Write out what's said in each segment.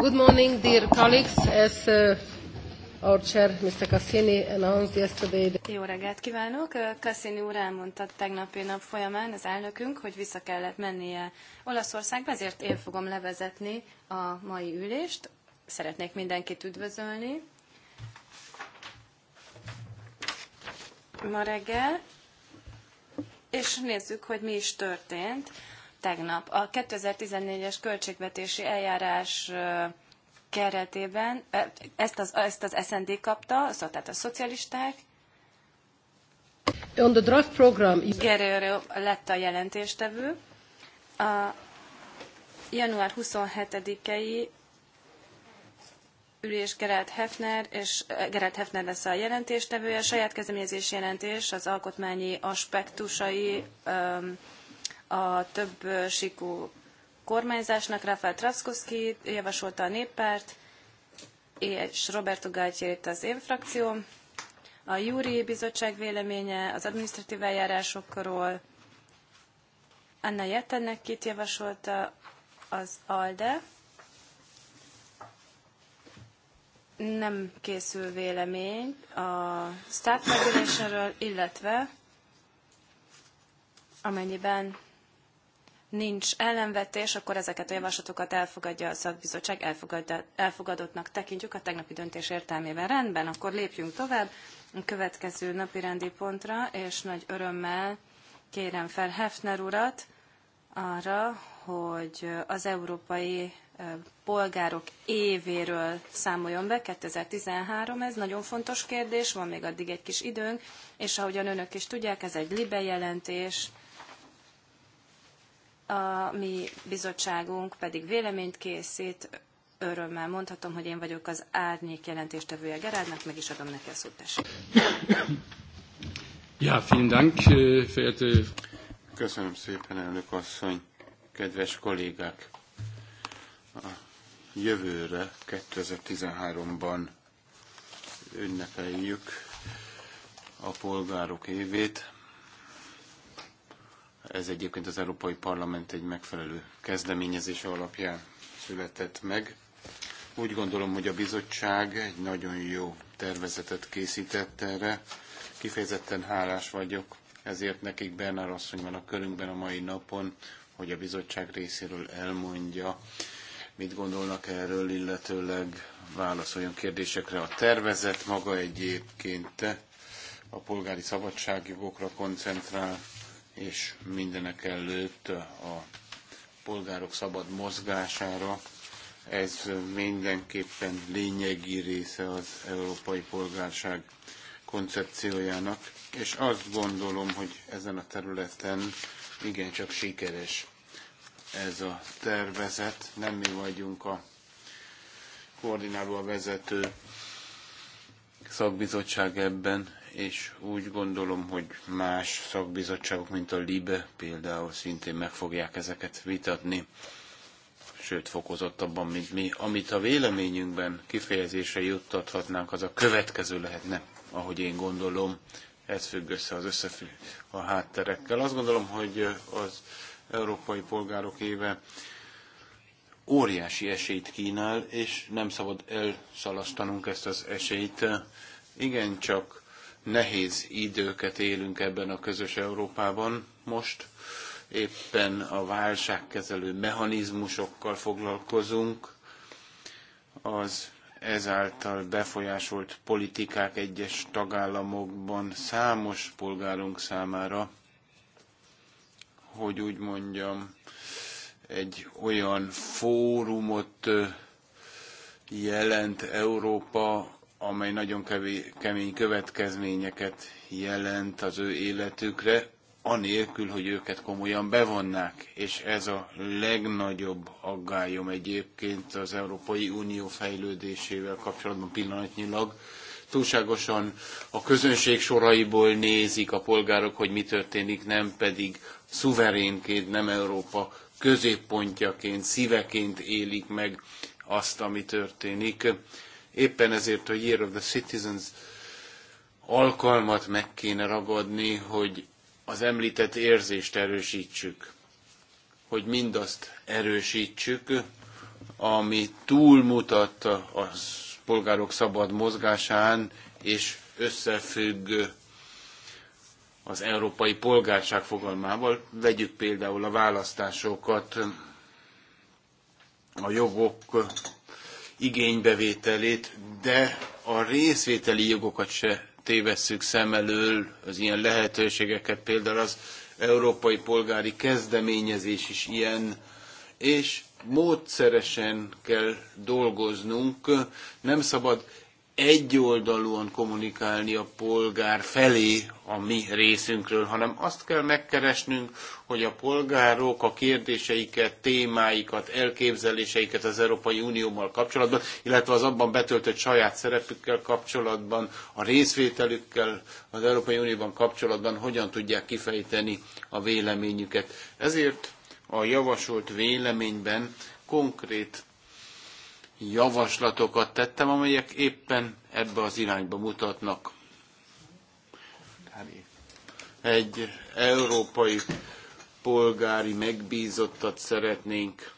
Good morning, dear colleagues. As uh, our chair, Mr. Cassini, announced yesterday... Jó reggelt kívánok! Uh, Cassini úr elmondta tegnapi nap folyamán az elnökünk, hogy vissza kellett mennie Olaszországba, ezért én fogom levezetni a mai ülést. Szeretnék mindenkit üdvözölni. Ma reggel, és nézzük, hogy mi is történt tegnap. A 2014-es költségvetési eljárás keretében ezt az, ezt az SND kapta, szóval tehát a szocialisták. On the draft program... Gerőről lett a jelentéstevő. A január 27-i ülés Gerált Hefner, és Gerált Hefner lesz a jelentéstevője. A saját kezdeményezés jelentés az alkotmányi aspektusai um, a több sikú kormányzásnak. Rafael Traszkowski javasolta a néppárt, és Roberto itt az én frakcióm. A Júri Bizottság véleménye az adminisztratív eljárásokról Anna Jettennek kit javasolta az ALDE. Nem készül vélemény a staff regulation illetve amennyiben nincs ellenvetés, akkor ezeket a javaslatokat elfogadja a szakbizottság, elfogadottnak tekintjük a tegnapi döntés értelmében. Rendben, akkor lépjünk tovább a következő napi rendi pontra, és nagy örömmel kérem fel Hefner urat arra, hogy az európai polgárok évéről számoljon be, 2013, ez nagyon fontos kérdés, van még addig egy kis időnk, és ahogyan önök is tudják, ez egy libe jelentés, a mi bizottságunk pedig véleményt készít. Örömmel mondhatom, hogy én vagyok az árnyék jelentéstevője Gerádnak, meg is adom neki a szót Ja, vielen Dank, äh, verehrte. Köszönöm szépen, elnök asszony, kedves kollégák. A jövőre, 2013-ban ünnepeljük a polgárok évét. Ez egyébként az Európai Parlament egy megfelelő kezdeményezése alapján született meg. Úgy gondolom, hogy a bizottság egy nagyon jó tervezetet készített erre. Kifejezetten hálás vagyok, ezért nekik Bernár asszony van a körünkben a mai napon, hogy a bizottság részéről elmondja, mit gondolnak erről, illetőleg válaszoljon kérdésekre. A tervezet maga egyébként a polgári szabadságjogokra koncentrál, és mindenek előtt a polgárok szabad mozgására. Ez mindenképpen lényegi része az európai polgárság koncepciójának, és azt gondolom, hogy ezen a területen igencsak sikeres ez a tervezet. Nem mi vagyunk a koordináló a vezető szakbizottság ebben, és úgy gondolom, hogy más szakbizottságok, mint a LIBE például szintén meg fogják ezeket vitatni, sőt fokozottabban, mint mi. Amit a véleményünkben kifejezése juttathatnánk, az a következő lehetne, ahogy én gondolom. Ez függ össze az összefügg a hátterekkel. Azt gondolom, hogy az Európai Polgárok éve óriási esélyt kínál, és nem szabad elszalasztanunk ezt az esélyt. Igen, csak Nehéz időket élünk ebben a közös Európában most. Éppen a válságkezelő mechanizmusokkal foglalkozunk, az ezáltal befolyásolt politikák egyes tagállamokban számos polgárunk számára, hogy úgy mondjam, egy olyan fórumot jelent Európa, amely nagyon kemény következményeket jelent az ő életükre, anélkül, hogy őket komolyan bevonnák. És ez a legnagyobb aggályom egyébként az Európai Unió fejlődésével kapcsolatban pillanatnyilag. Túlságosan a közönség soraiból nézik a polgárok, hogy mi történik, nem pedig szuverénként, nem Európa középpontjaként, szíveként élik meg azt, ami történik. Éppen ezért a Year of the Citizens alkalmat meg kéne ragadni, hogy az említett érzést erősítsük, hogy mindazt erősítsük, ami túlmutat a polgárok szabad mozgásán, és összefügg az európai polgárság fogalmával. Vegyük például a választásokat, a jogok igénybevételét, de a részvételi jogokat se tévesszük szem elől, az ilyen lehetőségeket, például az európai polgári kezdeményezés is ilyen, és módszeresen kell dolgoznunk, nem szabad egyoldalúan kommunikálni a polgár felé a mi részünkről, hanem azt kell megkeresnünk, hogy a polgárok a kérdéseiket, témáikat, elképzeléseiket az Európai Unióval kapcsolatban, illetve az abban betöltött saját szerepükkel kapcsolatban, a részvételükkel az Európai Unióban kapcsolatban hogyan tudják kifejteni a véleményüket. Ezért a javasolt véleményben konkrét javaslatokat tettem, amelyek éppen ebbe az irányba mutatnak. Egy európai polgári megbízottat szeretnénk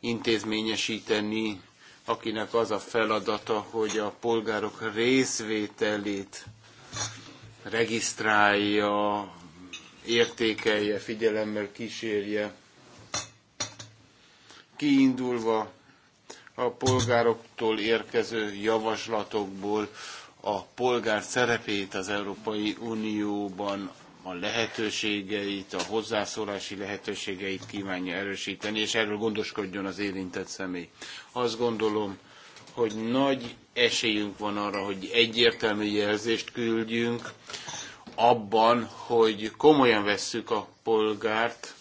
intézményesíteni, akinek az a feladata, hogy a polgárok részvételét regisztrálja, értékelje, figyelemmel kísérje. Kiindulva a polgároktól érkező javaslatokból a polgár szerepét az Európai Unióban, a lehetőségeit, a hozzászólási lehetőségeit kívánja erősíteni, és erről gondoskodjon az érintett személy. Azt gondolom, hogy nagy esélyünk van arra, hogy egyértelmű jelzést küldjünk abban, hogy komolyan vesszük a polgárt,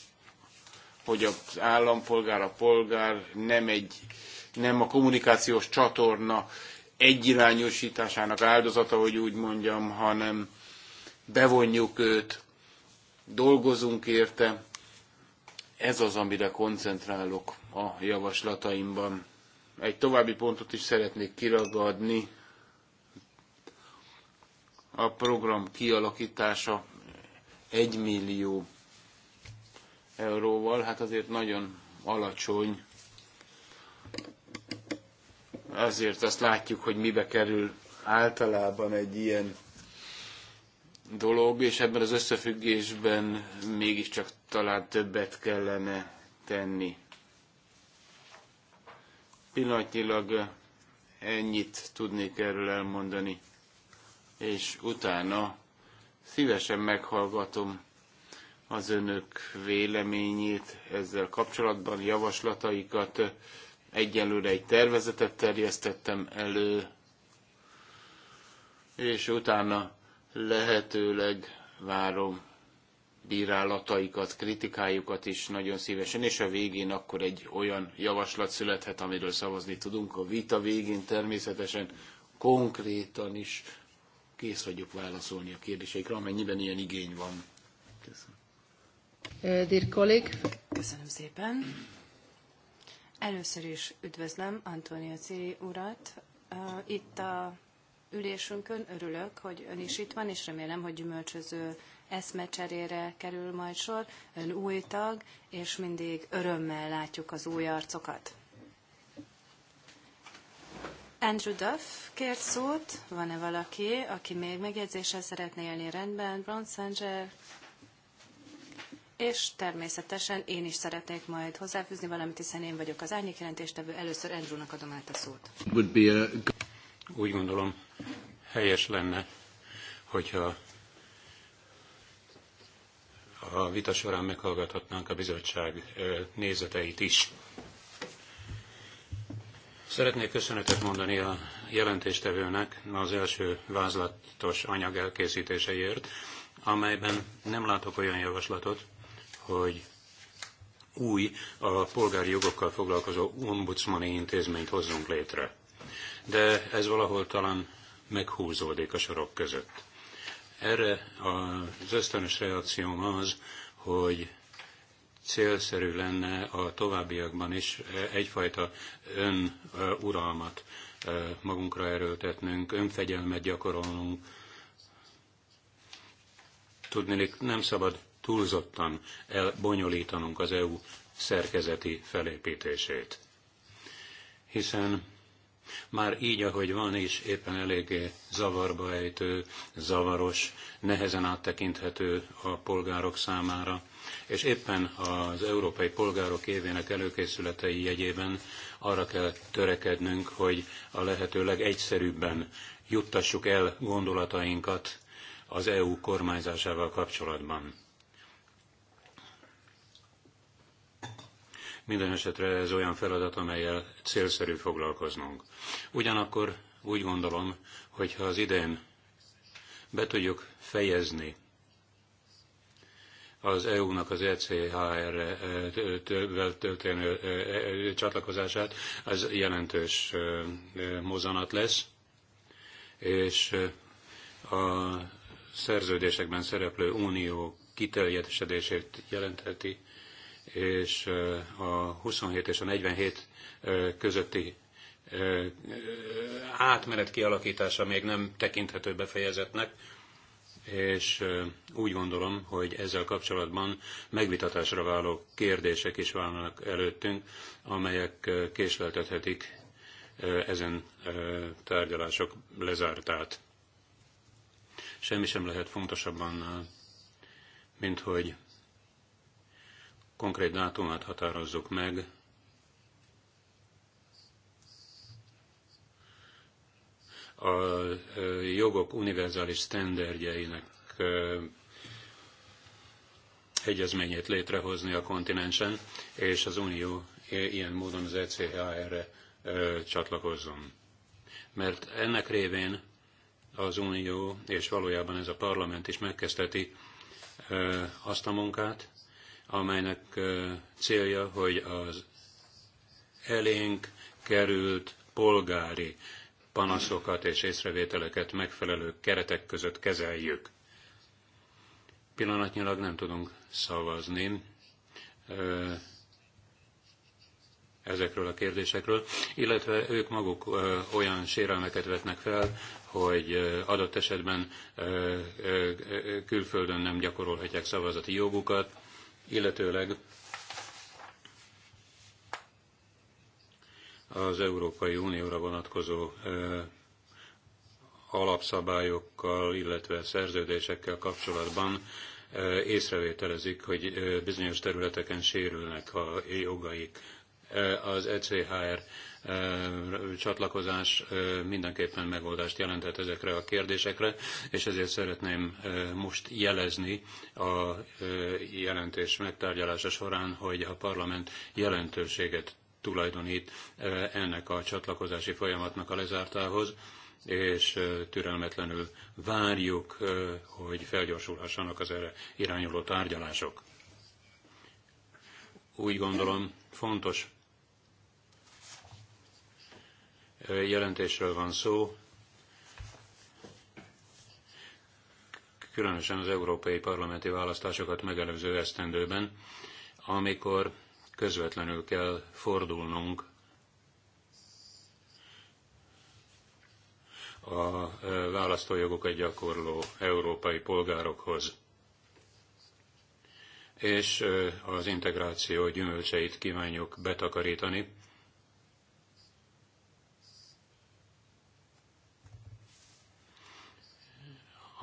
hogy az állampolgár, a polgár nem egy nem a kommunikációs csatorna egyirányosításának áldozata, hogy úgy mondjam, hanem bevonjuk őt, dolgozunk érte. Ez az, amire koncentrálok a javaslataimban. Egy további pontot is szeretnék kiragadni. A program kialakítása 1 millió euróval, hát azért nagyon alacsony ezért azt látjuk, hogy mibe kerül általában egy ilyen dolog, és ebben az összefüggésben mégiscsak talán többet kellene tenni. Pillanatnyilag ennyit tudnék erről elmondani, és utána szívesen meghallgatom az önök véleményét ezzel kapcsolatban, javaslataikat, Egyelőre egy tervezetet terjesztettem elő, és utána lehetőleg várom bírálataikat, kritikájukat is nagyon szívesen, és a végén akkor egy olyan javaslat születhet, amiről szavazni tudunk. A vita végén természetesen konkrétan is kész vagyok válaszolni a kérdéseikre, amennyiben ilyen igény van. Köszönöm. Eh, dear colleague. Köszönöm szépen. Először is üdvözlöm Antonio C. urat. Itt a ülésünkön örülök, hogy ön is itt van, és remélem, hogy gyümölcsöző eszmecserére kerül majd sor. Ön új tag, és mindig örömmel látjuk az új arcokat. Andrew Duff kért szót. Van-e valaki, aki még megjegyzéssel szeretné élni rendben? Bronsanger és természetesen én is szeretnék majd hozzáfűzni valamit, hiszen én vagyok az árnyék jelentéstevő. Először Andrewnak adom át a szót. Úgy gondolom, helyes lenne, hogyha a vita során meghallgathatnánk a bizottság nézeteit is. Szeretnék köszönetet mondani a jelentéstevőnek az első vázlatos anyag elkészítéseért, amelyben nem látok olyan javaslatot, hogy új, a polgári jogokkal foglalkozó ombudsmani intézményt hozzunk létre. De ez valahol talán meghúzódik a sorok között. Erre az ösztönös reakcióm az, hogy célszerű lenne a továbbiakban is egyfajta önuralmat magunkra erőltetnünk, önfegyelmet gyakorolnunk. Tudni, nem szabad túlzottan elbonyolítanunk az EU szerkezeti felépítését. Hiszen már így, ahogy van és éppen eléggé zavarba ejtő, zavaros, nehezen áttekinthető a polgárok számára, és éppen az Európai Polgárok Évének előkészületei jegyében arra kell törekednünk, hogy a lehető legegyszerűbben juttassuk el gondolatainkat az EU kormányzásával kapcsolatban. Minden esetre ez olyan feladat, amelyel célszerű foglalkoznunk. Ugyanakkor úgy gondolom, hogy ha az idén be tudjuk fejezni az EU-nak az ECHR-vel e, történő e, e, csatlakozását, az jelentős mozanat lesz, és a szerződésekben szereplő unió kiteljesedését jelentheti és a 27 és a 47 közötti átmenet kialakítása még nem tekinthető befejezetnek, és úgy gondolom, hogy ezzel kapcsolatban megvitatásra váló kérdések is válnak előttünk, amelyek késleltethetik ezen tárgyalások lezártát. Semmi sem lehet fontosabban, mint hogy konkrét dátumát határozzuk meg, a e, jogok univerzális sztenderdjeinek e, egyezményét létrehozni a kontinensen, és az Unió ilyen módon az ECHR-re e, csatlakozzon. Mert ennek révén az Unió, és valójában ez a parlament is megkezdheti azt a munkát, amelynek célja, hogy az elénk került polgári panaszokat és észrevételeket megfelelő keretek között kezeljük. Pillanatnyilag nem tudunk szavazni ezekről a kérdésekről, illetve ők maguk olyan sérelmeket vetnek fel, hogy adott esetben külföldön nem gyakorolhatják szavazati jogukat, illetőleg az Európai Unióra vonatkozó alapszabályokkal, illetve szerződésekkel kapcsolatban észrevételezik, hogy bizonyos területeken sérülnek a jogaik. Az ECHR csatlakozás mindenképpen megoldást jelentett ezekre a kérdésekre, és ezért szeretném most jelezni a jelentés megtárgyalása során, hogy a parlament jelentőséget tulajdonít ennek a csatlakozási folyamatnak a lezártához, és türelmetlenül várjuk, hogy felgyorsulhassanak az erre irányuló tárgyalások. Úgy gondolom fontos jelentésről van szó, különösen az európai parlamenti választásokat megelőző esztendőben, amikor közvetlenül kell fordulnunk a választójogokat gyakorló európai polgárokhoz, és az integráció gyümölcseit kívánjuk betakarítani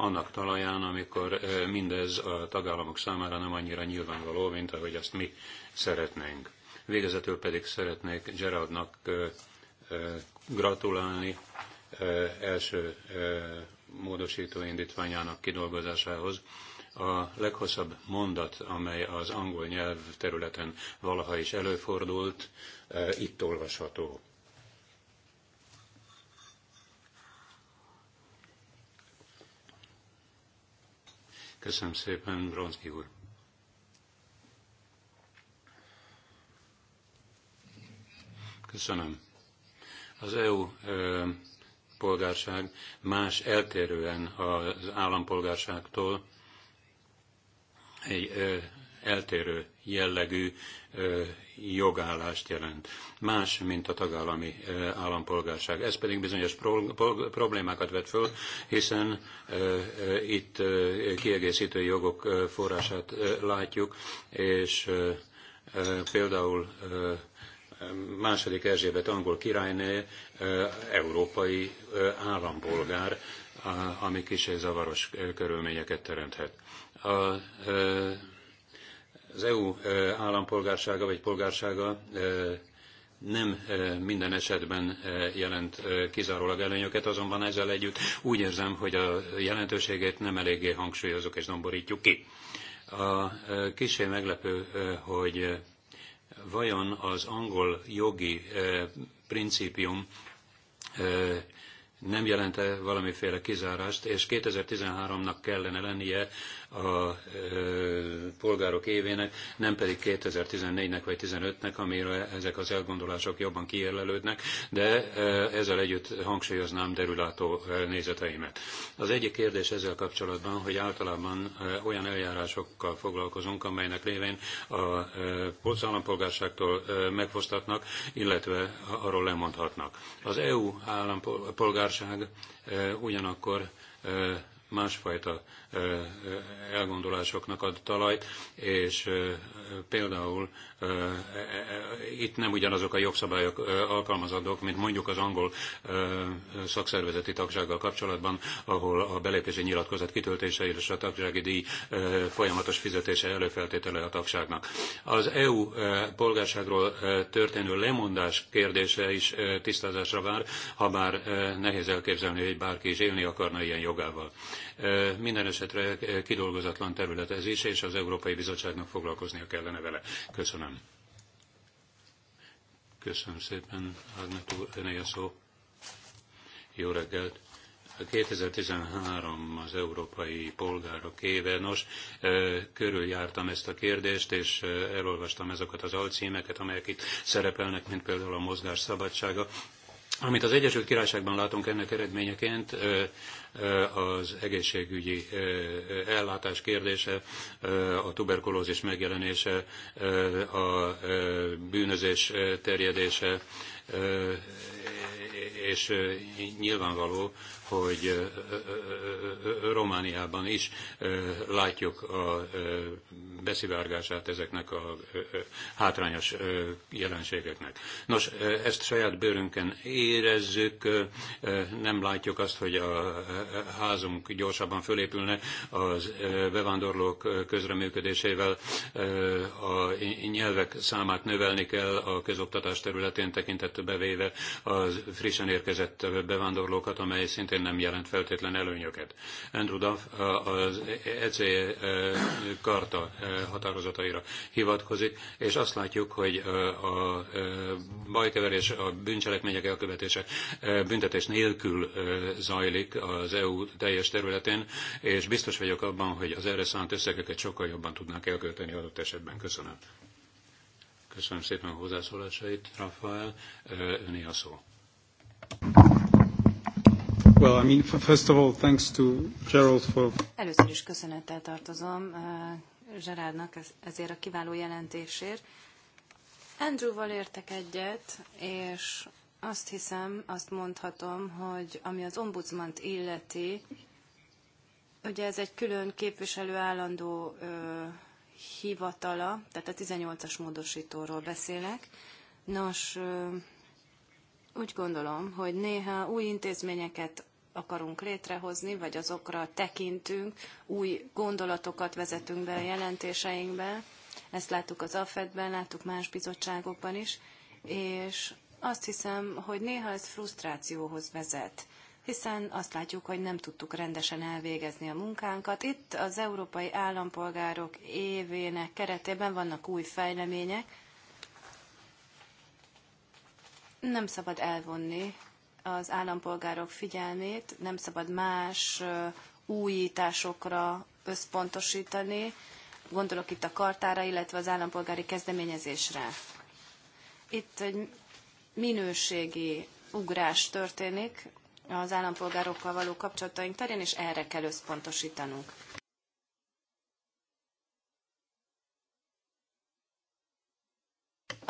annak talaján, amikor mindez a tagállamok számára nem annyira nyilvánvaló, mint ahogy azt mi szeretnénk. Végezetül pedig szeretnék Gerardnak gratulálni első módosító indítványának kidolgozásához. A leghosszabb mondat, amely az angol nyelv területen valaha is előfordult, itt olvasható. Köszönöm szépen, Bronszki úr. Köszönöm. Az EU ö, polgárság más eltérően az állampolgárságtól egy ö, eltérő jellegű ö, jogállást jelent. Más, mint a tagállami eh, állampolgárság. Ez pedig bizonyos problémákat vet föl, hiszen eh, eh, itt kiegészítő jogok forrását látjuk, és például második Erzsébet angol királyné európai állampolgár, ami kicsi zavaros körülményeket teremthet. A az EU eh, állampolgársága vagy polgársága eh, nem eh, minden esetben jelent kizárólag előnyöket, azonban ezzel együtt úgy érzem, hogy a jelentőségét nem eléggé hangsúlyozok és domborítjuk ki. A kisé meglepő, hogy vajon az angol jogi principium nem jelente valamiféle kizárást, és 2013-nak kellene lennie a polgárok évének, nem pedig 2014-nek vagy 2015-nek, amire ezek az elgondolások jobban kijelölődnek, de ezzel együtt hangsúlyoznám derülátó nézeteimet. Az egyik kérdés ezzel kapcsolatban, hogy általában olyan eljárásokkal foglalkozunk, amelynek révén az állampolgárságtól megfosztatnak, illetve arról lemondhatnak. Az EU állampolgárság ugyanakkor másfajta elgondolásoknak ad talajt, és például E, e, e, itt nem ugyanazok a jogszabályok alkalmazandók, mint mondjuk az angol szakszervezeti tagsággal kapcsolatban, ahol a belépési nyilatkozat kitöltése és a tagsági díj folyamatos fizetése előfeltétele a tagságnak. Az EU polgárságról történő lemondás kérdése is tisztázásra vár, ha bár nehéz elképzelni, hogy bárki is élni akarna ilyen jogával. Minden esetre kidolgozatlan terület ez is, és az Európai Bizottságnak foglalkoznia kellene vele. Köszönöm. Köszönöm. Köszönöm szépen, Ágnet úr, a szó. Jó reggelt. 2013 az Európai Polgárok éve. Nos, körüljártam ezt a kérdést, és elolvastam ezeket az alcímeket, amelyek itt szerepelnek, mint például a mozgás szabadsága. Amit az Egyesült Királyságban látunk ennek eredményeként, az egészségügyi ellátás kérdése, a tuberkulózis megjelenése, a bűnözés terjedése, és nyilvánvaló, hogy Romániában is látjuk a beszivárgását ezeknek a hátrányos jelenségeknek. Nos, ezt saját bőrünkön érezzük, nem látjuk azt, hogy a házunk gyorsabban fölépülne az bevándorlók közreműködésével, a nyelvek számát növelni kell a közoktatás területén tekintetbe bevéve az frissen érkezett bevándorlókat, amely szintén szintén nem jelent feltétlen előnyöket. Andrew Duff az EC karta határozataira hivatkozik, és azt látjuk, hogy a bajkeverés, a bűncselekmények elkövetése büntetés nélkül zajlik az EU teljes területén, és biztos vagyok abban, hogy az erre szánt összegeket sokkal jobban tudnánk elkölteni adott esetben. Köszönöm. Köszönöm szépen a hozzászólásait, Rafael. Öné a szó. Well, I mean, first of all, thanks to Gerald for... Először is köszönettel tartozom uh, Gerardnak ezért a kiváló jelentésért. Andrewval értek egyet, és azt hiszem, azt mondhatom, hogy ami az ombudsmant illeti, ugye ez egy külön képviselő állandó ö, hivatala, tehát a 18-as módosítóról beszélek. Nos, ö, úgy gondolom, hogy néha új intézményeket akarunk létrehozni, vagy azokra tekintünk, új gondolatokat vezetünk be a jelentéseinkbe. Ezt láttuk az AFED-ben, láttuk más bizottságokban is, és azt hiszem, hogy néha ez frusztrációhoz vezet hiszen azt látjuk, hogy nem tudtuk rendesen elvégezni a munkánkat. Itt az Európai Állampolgárok évének keretében vannak új fejlemények. Nem szabad elvonni az állampolgárok figyelmét, nem szabad más újításokra összpontosítani, gondolok itt a kartára, illetve az állampolgári kezdeményezésre. Itt egy minőségi ugrás történik az állampolgárokkal való kapcsolataink terén, és erre kell összpontosítanunk.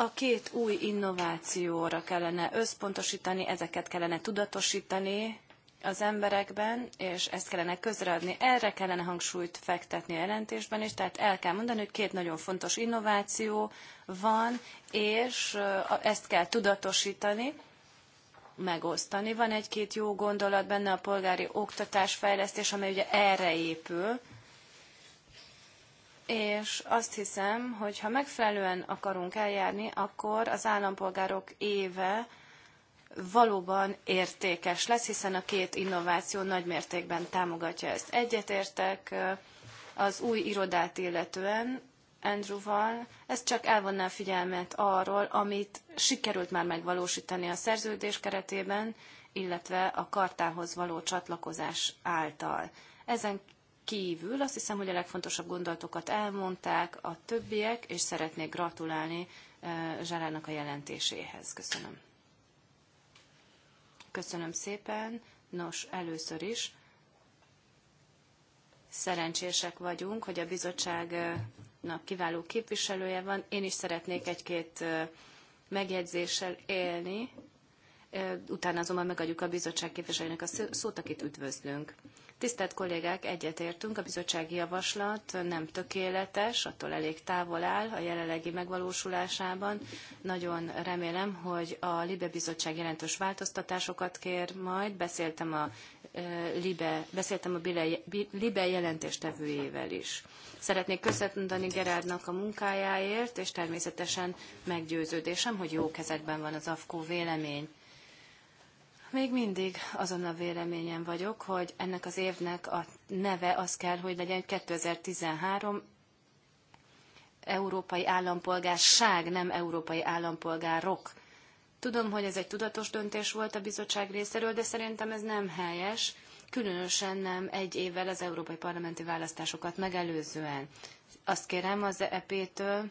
a két új innovációra kellene összpontosítani, ezeket kellene tudatosítani az emberekben, és ezt kellene közreadni. Erre kellene hangsúlyt fektetni a jelentésben is, tehát el kell mondani, hogy két nagyon fontos innováció van, és ezt kell tudatosítani, megosztani. Van egy-két jó gondolat benne a polgári oktatásfejlesztés, amely ugye erre épül, és azt hiszem, hogy ha megfelelően akarunk eljárni, akkor az állampolgárok éve valóban értékes lesz, hiszen a két innováció nagymértékben támogatja ezt. Egyetértek az új irodát illetően, Andrewval, ez csak elvonná a figyelmet arról, amit sikerült már megvalósítani a szerződés keretében, illetve a kartához való csatlakozás által. Ezen kívül azt hiszem, hogy a legfontosabb gondolatokat elmondták a többiek, és szeretnék gratulálni eh, Zsárának a jelentéséhez. Köszönöm. Köszönöm szépen. Nos, először is szerencsések vagyunk, hogy a bizottságnak kiváló képviselője van. Én is szeretnék egy-két eh, megjegyzéssel élni, eh, utána azonban megadjuk a bizottság képviselőnek a szót, akit üdvözlünk. Tisztelt kollégák, egyetértünk, a bizottsági javaslat nem tökéletes, attól elég távol áll a jelenlegi megvalósulásában. Nagyon remélem, hogy a Libe Bizottság jelentős változtatásokat kér majd. Beszéltem a, Libe, beszéltem a Libe jelentéstevőjével is. Szeretnék köszönteni Gerárdnak a munkájáért, és természetesen meggyőződésem, hogy jó kezekben van az AFKO vélemény. Még mindig azon a véleményen vagyok, hogy ennek az évnek a neve az kell, hogy legyen 2013 európai állampolgárság, nem európai állampolgárok. Tudom, hogy ez egy tudatos döntés volt a bizottság részéről, de szerintem ez nem helyes, különösen nem egy évvel az európai parlamenti választásokat megelőzően. Azt kérem az EP-től,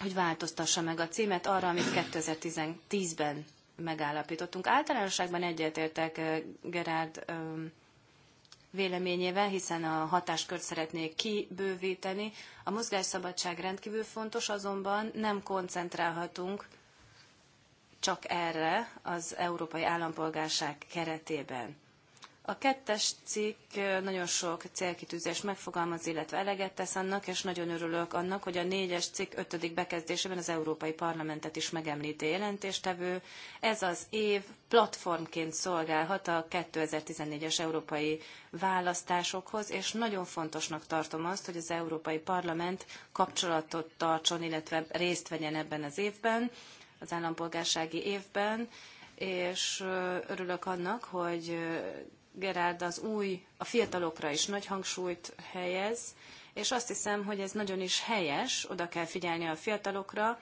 hogy változtassa meg a címet arra, amit 2010-ben megállapítottunk. Általánosságban egyetértek eh, Gerard eh, véleményével, hiszen a hatáskört szeretnék kibővíteni. A mozgásszabadság rendkívül fontos, azonban nem koncentrálhatunk csak erre az európai állampolgárság keretében. A kettes cikk nagyon sok célkitűzés megfogalmaz, illetve eleget tesz annak, és nagyon örülök annak, hogy a négyes cikk ötödik bekezdésében az Európai Parlamentet is megemlíti jelentéstevő. Ez az év platformként szolgálhat a 2014-es európai választásokhoz, és nagyon fontosnak tartom azt, hogy az Európai Parlament kapcsolatot tartson, illetve részt vegyen ebben az évben, az állampolgársági évben, és örülök annak, hogy Gerard az új, a fiatalokra is nagy hangsúlyt helyez, és azt hiszem, hogy ez nagyon is helyes, oda kell figyelni a fiatalokra,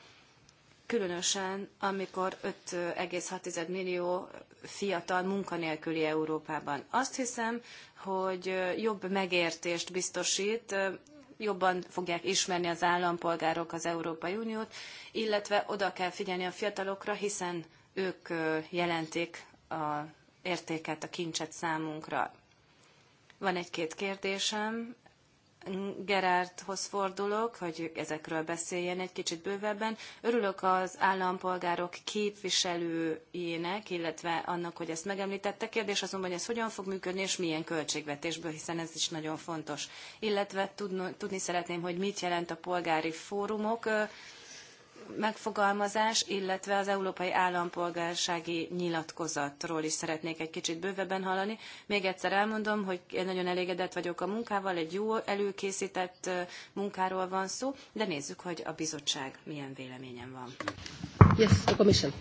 különösen amikor 5,6 millió fiatal munkanélküli Európában. Azt hiszem, hogy jobb megértést biztosít, jobban fogják ismerni az állampolgárok az Európai Uniót, illetve oda kell figyelni a fiatalokra, hiszen ők jelentik a értéket, a kincset számunkra. Van egy-két kérdésem. Gerárdhoz fordulok, hogy ezekről beszéljen egy kicsit bővebben. Örülök az állampolgárok képviselőjének, illetve annak, hogy ezt megemlítette. Kérdés azonban, hogy ez hogyan fog működni, és milyen költségvetésből, hiszen ez is nagyon fontos. Illetve tudni, tudni szeretném, hogy mit jelent a polgári fórumok megfogalmazás, illetve az európai állampolgársági nyilatkozatról is szeretnék egy kicsit bővebben hallani. Még egyszer elmondom, hogy én nagyon elégedett vagyok a munkával, egy jó előkészített munkáról van szó, de nézzük, hogy a bizottság milyen véleményen van. Yes, a commission.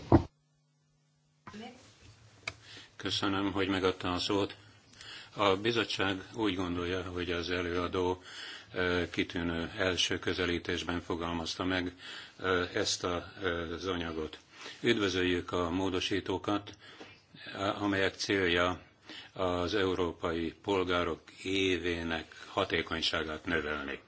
Köszönöm, hogy megadta a szót. A bizottság úgy gondolja, hogy az előadó kitűnő első közelítésben fogalmazta meg ezt az anyagot. Üdvözöljük a módosítókat, amelyek célja az európai polgárok évének hatékonyságát növelni.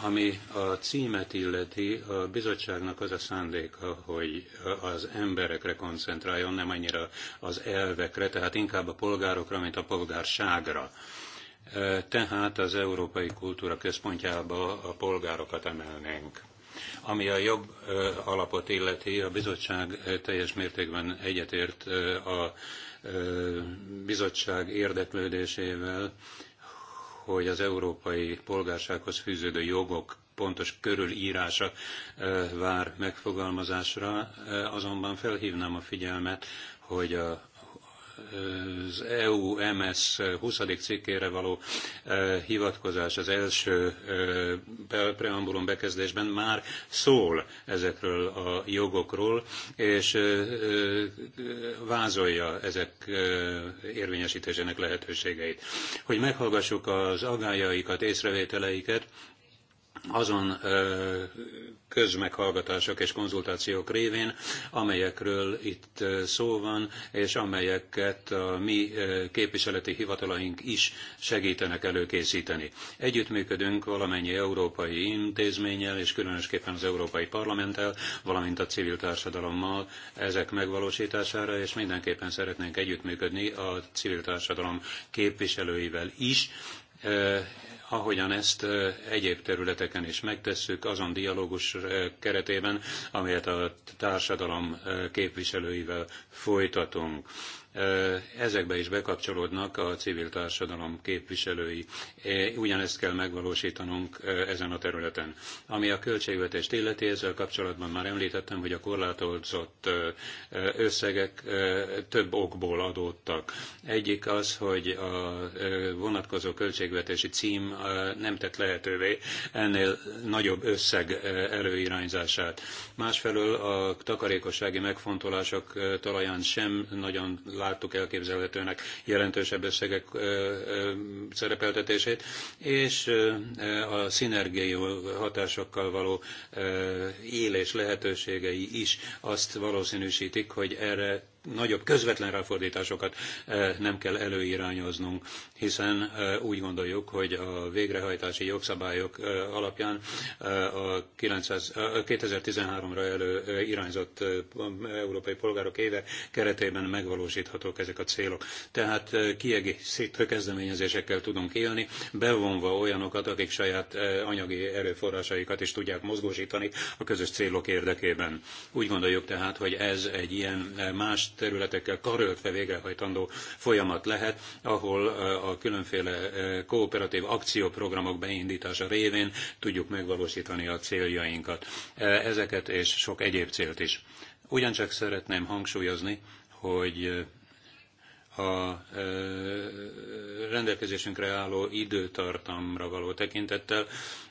Ami a címet illeti, a bizottságnak az a szándéka, hogy az emberekre koncentráljon, nem annyira az elvekre, tehát inkább a polgárokra, mint a polgárságra tehát az Európai Kultúra Központjába a polgárokat emelnénk. Ami a jobb alapot illeti, a bizottság teljes mértékben egyetért a bizottság érdeklődésével, hogy az európai polgársághoz fűződő jogok pontos körülírása vár megfogalmazásra, azonban felhívnám a figyelmet, hogy a az EU-MS 20. cikkére való e, hivatkozás az első e, preambulum bekezdésben már szól ezekről a jogokról, és e, vázolja ezek érvényesítésének lehetőségeit. Hogy meghallgassuk az agályaikat, észrevételeiket, azon közmeghallgatások és konzultációk révén, amelyekről itt szó van, és amelyeket a mi képviseleti hivatalaink is segítenek előkészíteni. Együttműködünk valamennyi európai intézménnyel, és különösképpen az Európai Parlamenttel, valamint a civil társadalommal ezek megvalósítására, és mindenképpen szeretnénk együttműködni a civil társadalom képviselőivel is, ahogyan ezt egyéb területeken is megtesszük, azon dialógus keretében, amelyet a társadalom képviselőivel folytatunk ezekbe is bekapcsolódnak a civil társadalom képviselői. Ugyanezt kell megvalósítanunk ezen a területen. Ami a költségvetést illeti, ezzel kapcsolatban már említettem, hogy a korlátozott összegek több okból adódtak. Egyik az, hogy a vonatkozó költségvetési cím nem tett lehetővé ennél nagyobb összeg előirányzását. Másfelől a takarékossági megfontolások talaján sem nagyon láttuk elképzelhetőnek jelentősebb összegek szerepeltetését, és a szinergiai hatásokkal való élés lehetőségei is azt valószínűsítik, hogy erre nagyobb közvetlen ráfordításokat nem kell előirányoznunk hiszen úgy gondoljuk, hogy a végrehajtási jogszabályok alapján a 2013-ra elő irányzott európai polgárok éve keretében megvalósíthatók ezek a célok. Tehát kiegészítő kezdeményezésekkel tudunk élni, bevonva olyanokat, akik saját anyagi erőforrásaikat is tudják mozgósítani a közös célok érdekében. Úgy gondoljuk tehát, hogy ez egy ilyen más területekkel karöltve végrehajtandó folyamat lehet, ahol a a különféle kooperatív akcióprogramok beindítása révén tudjuk megvalósítani a céljainkat. Ezeket és sok egyéb célt is. Ugyancsak szeretném hangsúlyozni, hogy a rendelkezésünkre álló időtartamra való tekintettel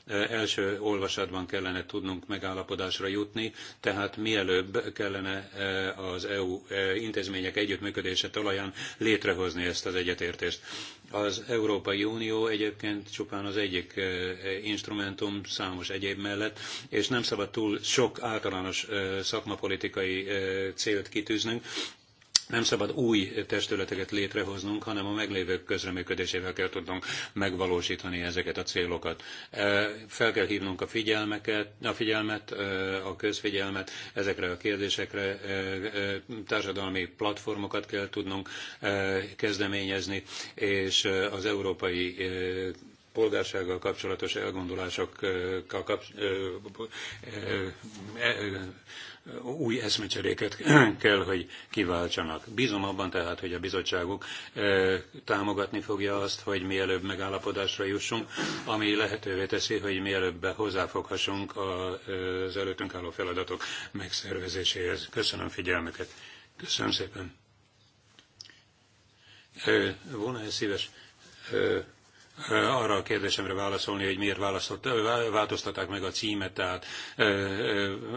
első olvasatban kellene tudnunk megállapodásra jutni, tehát mielőbb kellene az EU intézmények együttműködése talaján létrehozni ezt az egyetértést. Az Európai Unió egyébként csupán az egyik instrumentum számos egyéb mellett, és nem szabad túl sok általános szakmapolitikai célt kitűznünk, nem szabad új testületeket létrehoznunk, hanem a meglévők közreműködésével kell tudnunk megvalósítani ezeket a célokat. E, fel kell hívnunk a, figyelmeket, a figyelmet, e, a közfigyelmet ezekre a kérdésekre, e, társadalmi platformokat kell tudnunk kezdeményezni, és az európai polgársággal kapcsolatos elgondolásokkal kapcs- új eszmecseréket kell, hogy kiváltsanak. Bízom abban tehát, hogy a bizottságuk e, támogatni fogja azt, hogy mielőbb megállapodásra jussunk, ami lehetővé teszi, hogy mielőbb hozzáfoghassunk az előttünk álló feladatok megszervezéséhez. Köszönöm figyelmüket. Köszönöm szépen. E, volna-e szíves e, arra a kérdésemre válaszolni, hogy miért választott, változtatták meg a címet, tehát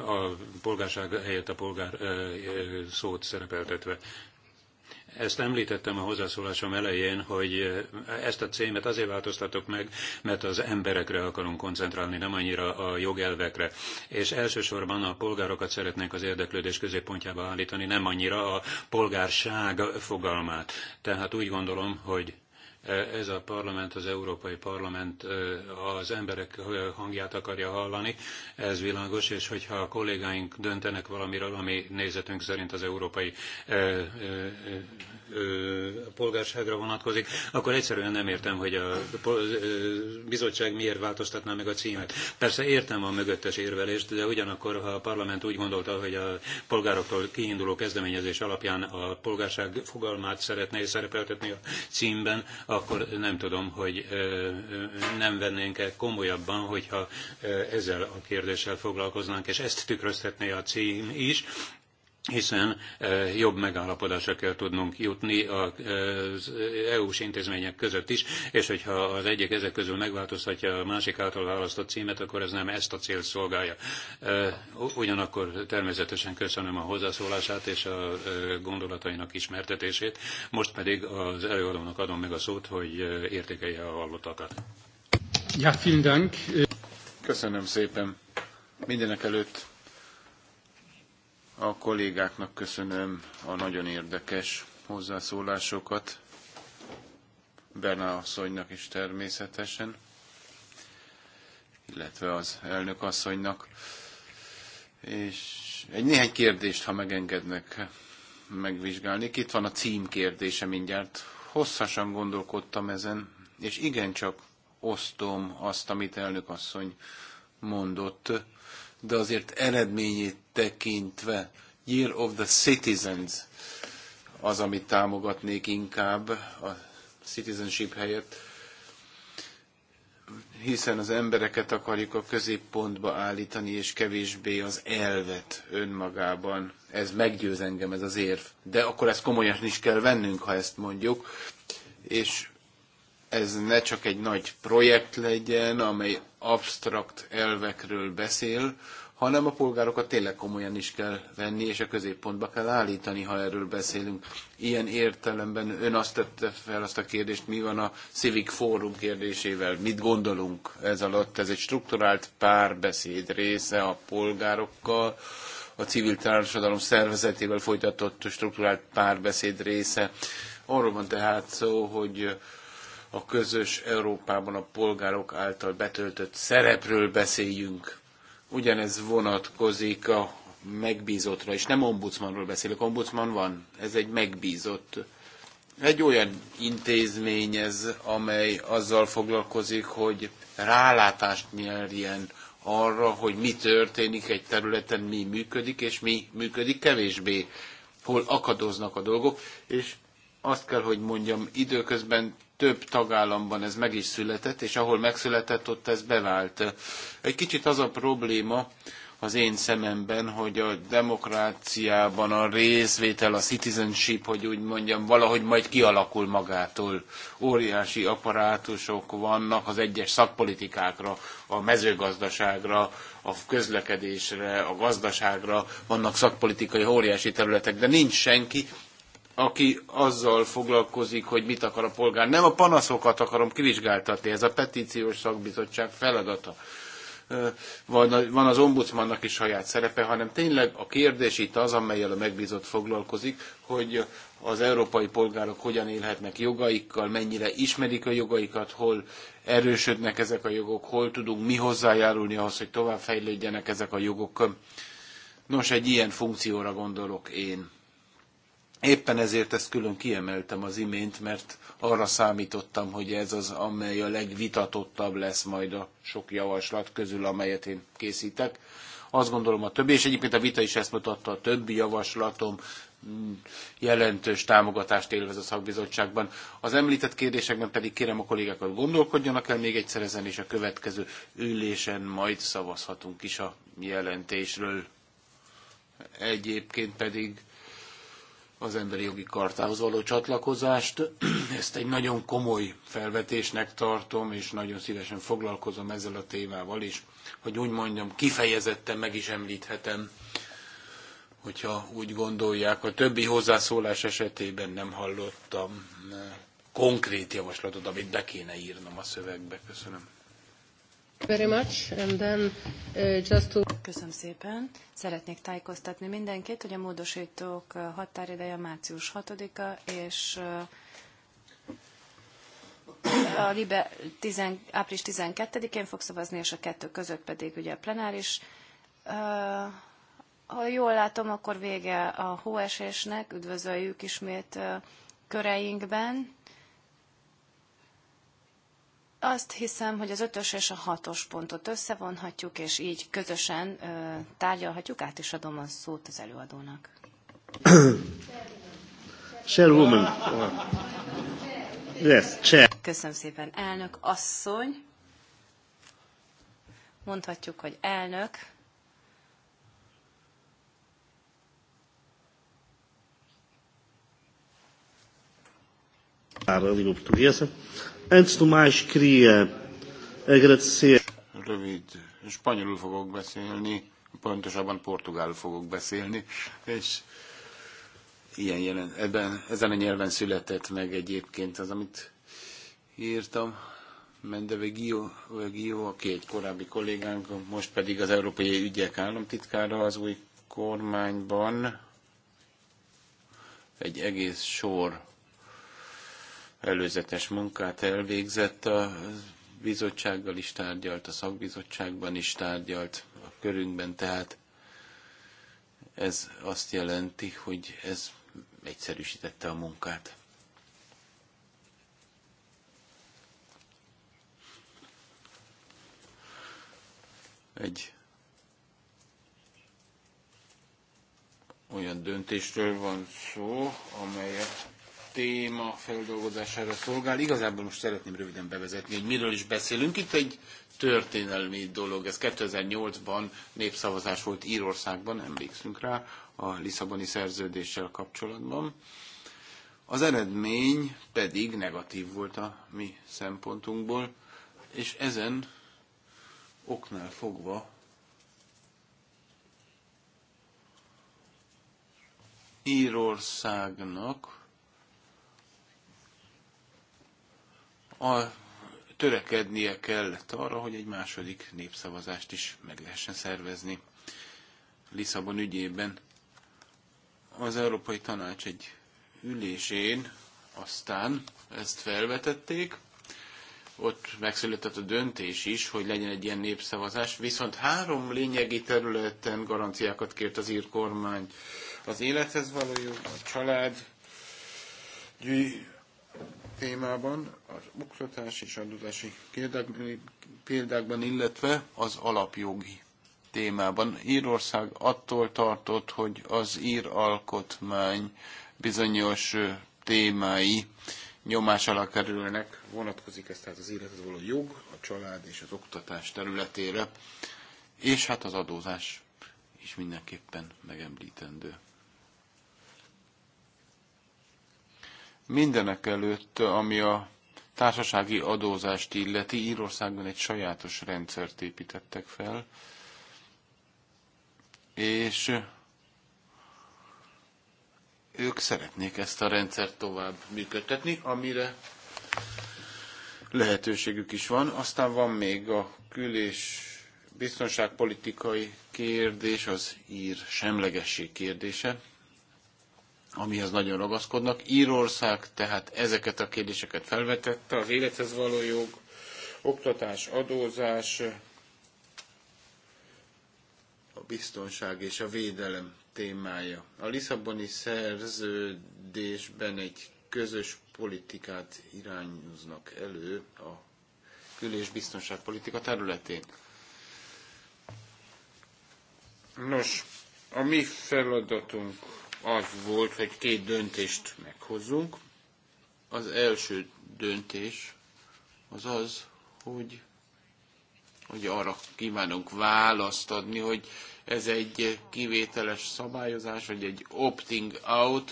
a polgárság helyett a polgár szót szerepeltetve. Ezt említettem a hozzászólásom elején, hogy ezt a címet azért változtatok meg, mert az emberekre akarunk koncentrálni, nem annyira a jogelvekre. És elsősorban a polgárokat szeretnénk az érdeklődés középpontjába állítani, nem annyira a polgárság fogalmát. Tehát úgy gondolom, hogy ez a parlament, az Európai Parlament az emberek hangját akarja hallani, ez világos, és hogyha a kollégáink döntenek valamiről, ami nézetünk szerint az európai polgárságra vonatkozik, akkor egyszerűen nem értem, hogy a bizottság miért változtatná meg a címet. Persze értem a mögöttes érvelést, de ugyanakkor, ha a parlament úgy gondolta, hogy a polgároktól kiinduló kezdeményezés alapján a polgárság fogalmát szeretné szerepeltetni a címben, akkor nem tudom, hogy nem vennénk-e komolyabban, hogyha ezzel a kérdéssel foglalkoznánk, és ezt tükröztetné a cím is, hiszen jobb megállapodásra kell tudnunk jutni az EU-s intézmények között is, és hogyha az egyik ezek közül megváltoztatja a másik által választott címet, akkor ez nem ezt a cél szolgálja. Ugyanakkor természetesen köszönöm a hozzászólását és a gondolatainak ismertetését, most pedig az előadónak adom meg a szót, hogy értékelje a hallottakat. Ja, vielen Dank. Köszönöm szépen. Mindenek előtt a kollégáknak köszönöm a nagyon érdekes hozzászólásokat, Berna asszonynak is természetesen, illetve az elnök asszonynak. És egy néhány kérdést, ha megengednek megvizsgálni. Itt van a cím kérdése mindjárt. Hosszasan gondolkodtam ezen, és igencsak osztom azt, amit elnök asszony mondott, de azért eredményét tekintve Year of the Citizens az, amit támogatnék inkább a citizenship helyett, hiszen az embereket akarjuk a középpontba állítani, és kevésbé az elvet önmagában. Ez meggyőz engem, ez az érv. De akkor ezt komolyan is kell vennünk, ha ezt mondjuk, és ez ne csak egy nagy projekt legyen, amely absztrakt elvekről beszél, hanem a polgárokat tényleg komolyan is kell venni, és a középpontba kell állítani, ha erről beszélünk. Ilyen értelemben ön azt tette fel azt a kérdést, mi van a Civic Forum kérdésével, mit gondolunk ez alatt. Ez egy strukturált párbeszéd része a polgárokkal, a civil társadalom szervezetével folytatott strukturált párbeszéd része. Arról van tehát szó, hogy a közös Európában a polgárok által betöltött szerepről beszéljünk Ugyanez vonatkozik a megbízottra, és nem ombudsmanról beszélek, ombudsman van, ez egy megbízott. Egy olyan intézmény ez, amely azzal foglalkozik, hogy rálátást nyerjen arra, hogy mi történik egy területen, mi működik, és mi működik kevésbé, hol akadoznak a dolgok, és azt kell, hogy mondjam, időközben több tagállamban ez meg is született, és ahol megszületett, ott ez bevált. Egy kicsit az a probléma az én szememben, hogy a demokráciában a részvétel, a citizenship, hogy úgy mondjam, valahogy majd kialakul magától. Óriási apparátusok vannak az egyes szakpolitikákra, a mezőgazdaságra, a közlekedésre, a gazdaságra, vannak szakpolitikai óriási területek, de nincs senki, aki azzal foglalkozik, hogy mit akar a polgár. Nem a panaszokat akarom kivizsgáltatni, ez a petíciós szakbizottság feladata. Van az ombudsmannak is saját szerepe, hanem tényleg a kérdés itt az, amelyel a megbízott foglalkozik, hogy az európai polgárok hogyan élhetnek jogaikkal, mennyire ismerik a jogaikat, hol erősödnek ezek a jogok, hol tudunk mi hozzájárulni ahhoz, hogy továbbfejlődjenek ezek a jogok. Nos, egy ilyen funkcióra gondolok én Éppen ezért ezt külön kiemeltem az imént, mert arra számítottam, hogy ez az, amely a legvitatottabb lesz majd a sok javaslat közül, amelyet én készítek. Azt gondolom a többi, és egyébként a vita is ezt mutatta, a többi javaslatom mm, jelentős támogatást élvez a szakbizottságban. Az említett kérdésekben pedig kérem a kollégákat gondolkodjanak el még egyszer ezen, és a következő ülésen majd szavazhatunk is a jelentésről. Egyébként pedig az emberi jogi kartához való csatlakozást. Ezt egy nagyon komoly felvetésnek tartom, és nagyon szívesen foglalkozom ezzel a témával is, hogy úgy mondjam, kifejezetten meg is említhetem, hogyha úgy gondolják, a többi hozzászólás esetében nem hallottam eh, konkrét javaslatot, amit be kéne írnom a szövegbe. Köszönöm. Very much. And then, uh, just Köszönöm szépen. Szeretnék tájékoztatni mindenkit, hogy a módosítók uh, határideje március 6-a, és uh, a Libe 10, április 12-én fog szavazni, és a kettő között pedig ugye a plenáris. Ha jól látom, akkor vége a hóesésnek, üdvözöljük ismét köreinkben. Azt hiszem, hogy az ötös és a hatos pontot összevonhatjuk, és így közösen ö, tárgyalhatjuk. Át is adom a szót az előadónak. Chairwoman. Yes, chair. Köszönöm szépen, elnök asszony. Mondhatjuk, hogy elnök. Para a língua portuguesa. Antes do mais, queria Rövid, spanyolul fogok beszélni, pontosabban portugálul fogok beszélni, és ilyen jelen, ebben, ezen a nyelven született meg egyébként az, amit írtam. Mendeve Gio, Gio, aki egy korábbi kollégánk, most pedig az Európai Ügyek államtitkára az új kormányban egy egész sor előzetes munkát elvégzett, a bizottsággal is tárgyalt, a szakbizottságban is tárgyalt, a körünkben, tehát ez azt jelenti, hogy ez egyszerűsítette a munkát. Egy olyan döntésről van szó, amelyet téma feldolgozására szolgál. Igazából most szeretném röviden bevezetni, hogy miről is beszélünk. Itt egy történelmi dolog. Ez 2008-ban népszavazás volt Írországban, emlékszünk rá, a Lisszaboni szerződéssel kapcsolatban. Az eredmény pedig negatív volt a mi szempontunkból, és ezen oknál fogva Írországnak a törekednie kellett arra, hogy egy második népszavazást is meg lehessen szervezni Lisszabon ügyében. Az Európai Tanács egy ülésén aztán ezt felvetették, ott megszületett a döntés is, hogy legyen egy ilyen népszavazás, viszont három lényegi területen garanciákat kért az ír kormány. Az élethez való jog, a család, témában, az oktatás és adózási példákban, illetve az alapjogi témában. Írország attól tartott, hogy az ír alkotmány bizonyos témái nyomás alá kerülnek. Vonatkozik ez tehát az élethez való jog, a család és az oktatás területére, és hát az adózás is mindenképpen megemlítendő. Mindenek előtt, ami a társasági adózást illeti, Írországban egy sajátos rendszert építettek fel, és ők szeretnék ezt a rendszert tovább működtetni, amire lehetőségük is van. Aztán van még a kül- és biztonságpolitikai kérdés, az ír semlegesség kérdése amihez nagyon ragaszkodnak. Írország tehát ezeket a kérdéseket felvetette, az élethez való jog, oktatás, adózás, a biztonság és a védelem témája. A Lisszaboni szerződésben egy közös politikát irányoznak elő a kül- és biztonságpolitika területén. Nos, a mi feladatunk az volt, hogy két döntést meghozunk. Az első döntés az az, hogy, hogy arra kívánunk választ adni, hogy ez egy kivételes szabályozás, vagy egy opting out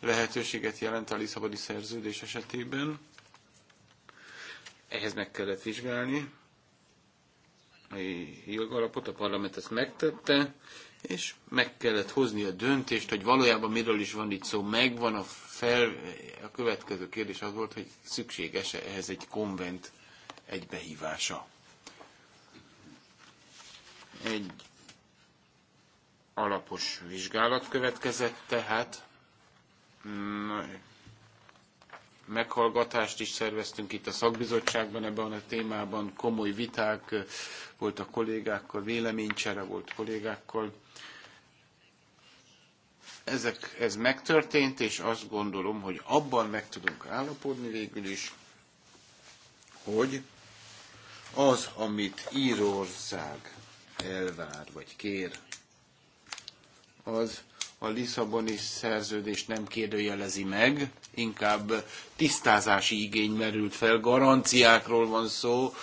lehetőséget jelent a Lisszaboni szerződés esetében. Ehhez meg kellett vizsgálni a jogalapot, a parlament ezt megtette, és meg kellett hozni a döntést, hogy valójában miről is van itt szó. Megvan a fel... A következő kérdés az volt, hogy szükséges-e ehhez egy konvent egybehívása. Egy alapos vizsgálat következett tehát, mm, meghallgatást is szerveztünk itt a szakbizottságban ebben a témában, komoly viták voltak kollégákkal, véleménycsere volt kollégákkal. Ezek, ez megtörtént, és azt gondolom, hogy abban meg tudunk állapodni végül is, hogy az, amit Írország elvár vagy kér, az a Lisszaboni szerződés nem kérdőjelezi meg, inkább tisztázási igény merült fel, garanciákról van szó,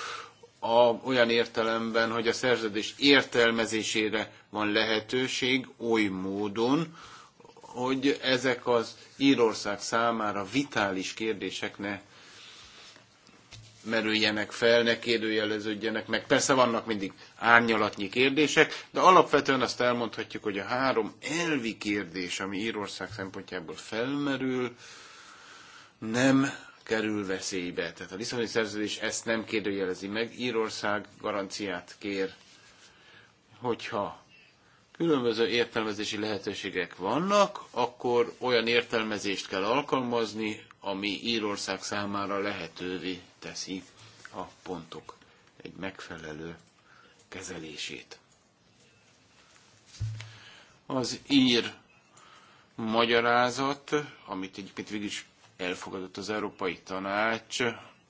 a, olyan értelemben, hogy a szerződés értelmezésére van lehetőség oly módon, hogy ezek az Írország számára vitális kérdések ne merüljenek fel, ne kérdőjeleződjenek meg. Persze vannak mindig árnyalatnyi kérdések, de alapvetően azt elmondhatjuk, hogy a három elvi kérdés, ami Írország szempontjából felmerül, nem kerül veszélybe. Tehát a Lisszaboni szerződés ezt nem kérdőjelezi meg. Írország garanciát kér, hogyha különböző értelmezési lehetőségek vannak, akkor olyan értelmezést kell alkalmazni, ami Írország számára lehetővé teszi a pontok egy megfelelő kezelését. Az ír magyarázat, amit egyébként végül is elfogadott az Európai Tanács,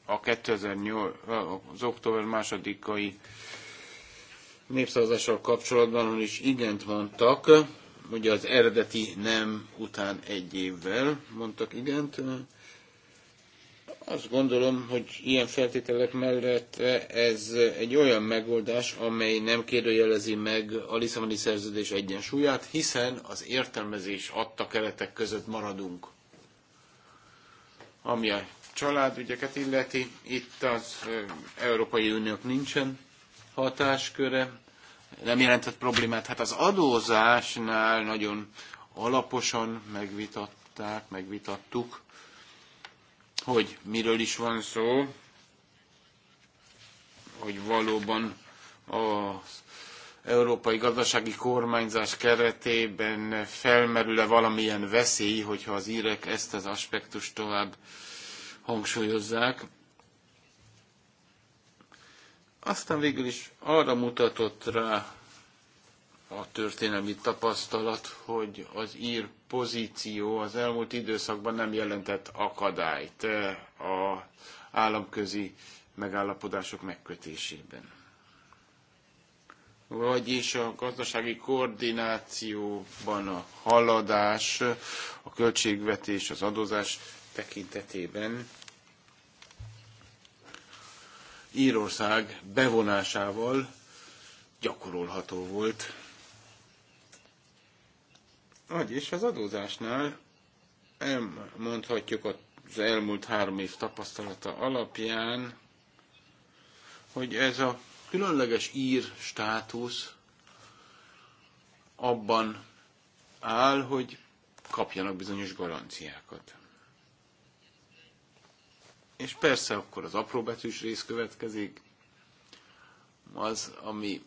a 2008, az október másodikai népszavazással kapcsolatban is igent mondtak, ugye az eredeti nem után egy évvel mondtak igent, azt gondolom, hogy ilyen feltételek mellett eh, ez egy olyan megoldás, amely nem kérdőjelezi meg a Lisszaboni szerződés egyensúlyát, hiszen az értelmezés adta keretek között maradunk. Ami a családügyeket illeti, itt az eh, Európai Uniók nincsen hatásköre, nem jelentett problémát. Hát az adózásnál nagyon alaposan megvitatták, megvitattuk hogy miről is van szó, hogy valóban az európai gazdasági kormányzás keretében felmerül-e valamilyen veszély, hogyha az írek ezt az aspektust tovább hangsúlyozzák. Aztán végül is arra mutatott rá a történelmi tapasztalat, hogy az ír pozíció az elmúlt időszakban nem jelentett akadályt eh, a államközi megállapodások megkötésében. Vagyis a gazdasági koordinációban a haladás, a költségvetés, az adózás tekintetében Írország bevonásával gyakorolható volt vagyis az adózásnál elmondhatjuk az elmúlt három év tapasztalata alapján, hogy ez a különleges ír státusz abban áll, hogy kapjanak bizonyos garanciákat. És persze akkor az apróbetűs rész következik, az, ami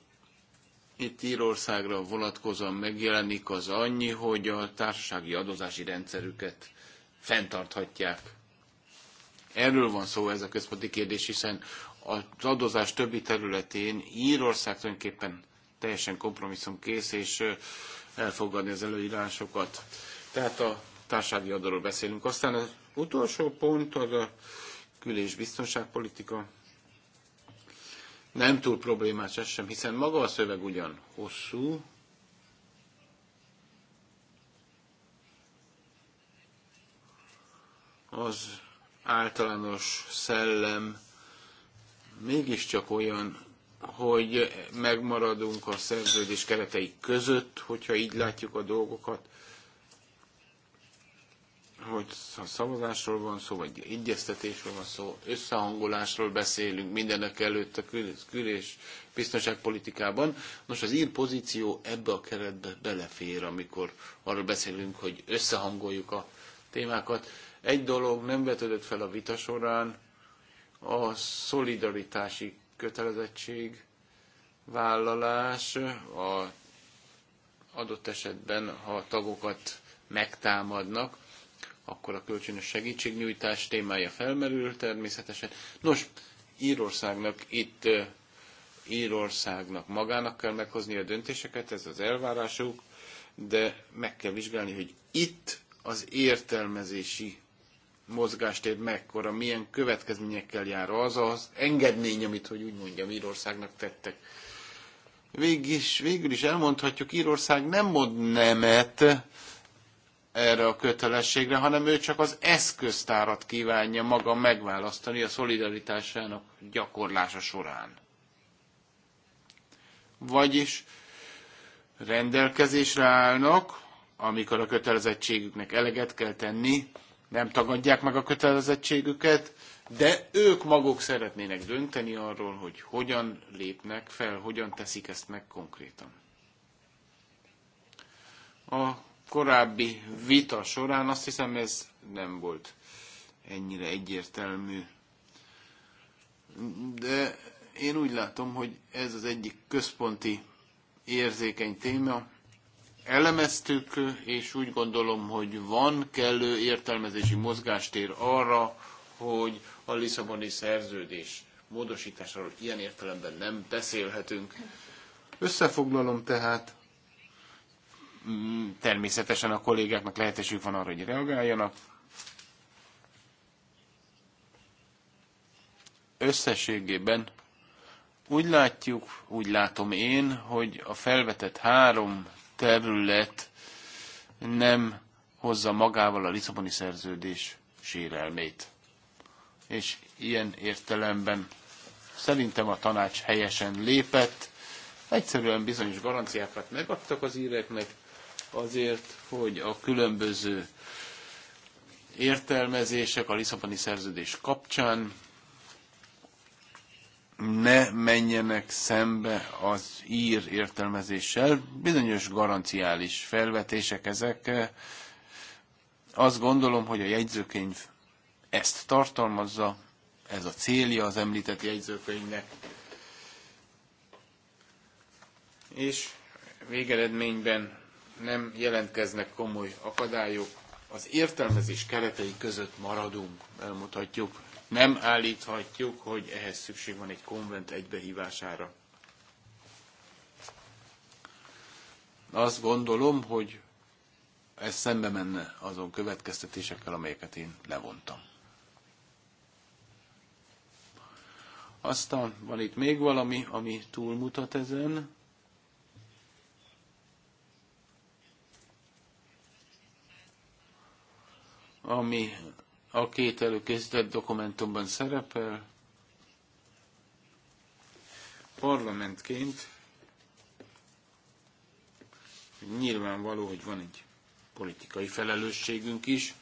itt Írországra vonatkozóan megjelenik, az annyi, hogy a társasági adózási rendszerüket fenntarthatják. Erről van szó ez a központi kérdés, hiszen az adózás többi területén Írország tulajdonképpen teljesen kompromisszumkész és elfogadni az előírásokat. Tehát a társági adóról beszélünk. Aztán az utolsó pont az a kül- és biztonságpolitika. Nem túl problémás ez sem, hiszen maga a szöveg ugyan hosszú, az általános szellem mégiscsak olyan, hogy megmaradunk a szerződés keretei között, hogyha így látjuk a dolgokat, hogy ha szavazásról van szó, vagy egyeztetésről van szó, összehangolásról beszélünk mindenek előtt a kül- és biztonságpolitikában. Nos, az ír pozíció ebbe a keretbe belefér, amikor arról beszélünk, hogy összehangoljuk a témákat. Egy dolog nem vetődött fel a vita során, a szolidaritási kötelezettség vállalás, a adott esetben, ha a tagokat megtámadnak, akkor a kölcsönös segítségnyújtás témája felmerül természetesen. Nos, Írországnak itt Írországnak magának kell meghozni a döntéseket, ez az elvárásuk, de meg kell vizsgálni, hogy itt az értelmezési mozgástér mekkora, milyen következményekkel jár az az engedmény, amit, hogy úgy mondjam, Írországnak tettek. Végis, végül is elmondhatjuk, Írország nem mond nemet erre a kötelességre, hanem ő csak az eszköztárat kívánja maga megválasztani a szolidaritásának gyakorlása során. Vagyis rendelkezésre állnak, amikor a kötelezettségüknek eleget kell tenni, nem tagadják meg a kötelezettségüket, de ők maguk szeretnének dönteni arról, hogy hogyan lépnek fel, hogyan teszik ezt meg konkrétan. A korábbi vita során azt hiszem ez nem volt ennyire egyértelmű. De én úgy látom, hogy ez az egyik központi érzékeny téma. Elemeztük, és úgy gondolom, hogy van kellő értelmezési mozgástér arra, hogy a Lisszaboni szerződés módosításáról ilyen értelemben nem beszélhetünk. Összefoglalom tehát, Mm, természetesen a kollégáknak lehetőség van arra, hogy reagáljanak. Összességében úgy látjuk, úgy látom én, hogy a felvetett három terület nem hozza magával a Lisszaboni szerződés sérelmét. És ilyen értelemben szerintem a tanács helyesen lépett, egyszerűen bizonyos garanciákat megadtak az íreknek, azért, hogy a különböző értelmezések a Lisszaboni szerződés kapcsán ne menjenek szembe az ír értelmezéssel. Bizonyos garanciális felvetések ezek. Azt gondolom, hogy a jegyzőkönyv ezt tartalmazza, ez a célja az említett jegyzőkönyvnek. És végeredményben nem jelentkeznek komoly akadályok, az értelmezés keretei között maradunk, elmutatjuk. Nem állíthatjuk, hogy ehhez szükség van egy konvent egybehívására. Azt gondolom, hogy ez szembe menne azon következtetésekkel, amelyeket én levontam. Aztán van itt még valami, ami túlmutat ezen. ami a két előkészített dokumentumban szerepel. Parlamentként nyilvánvaló, hogy van egy politikai felelősségünk is.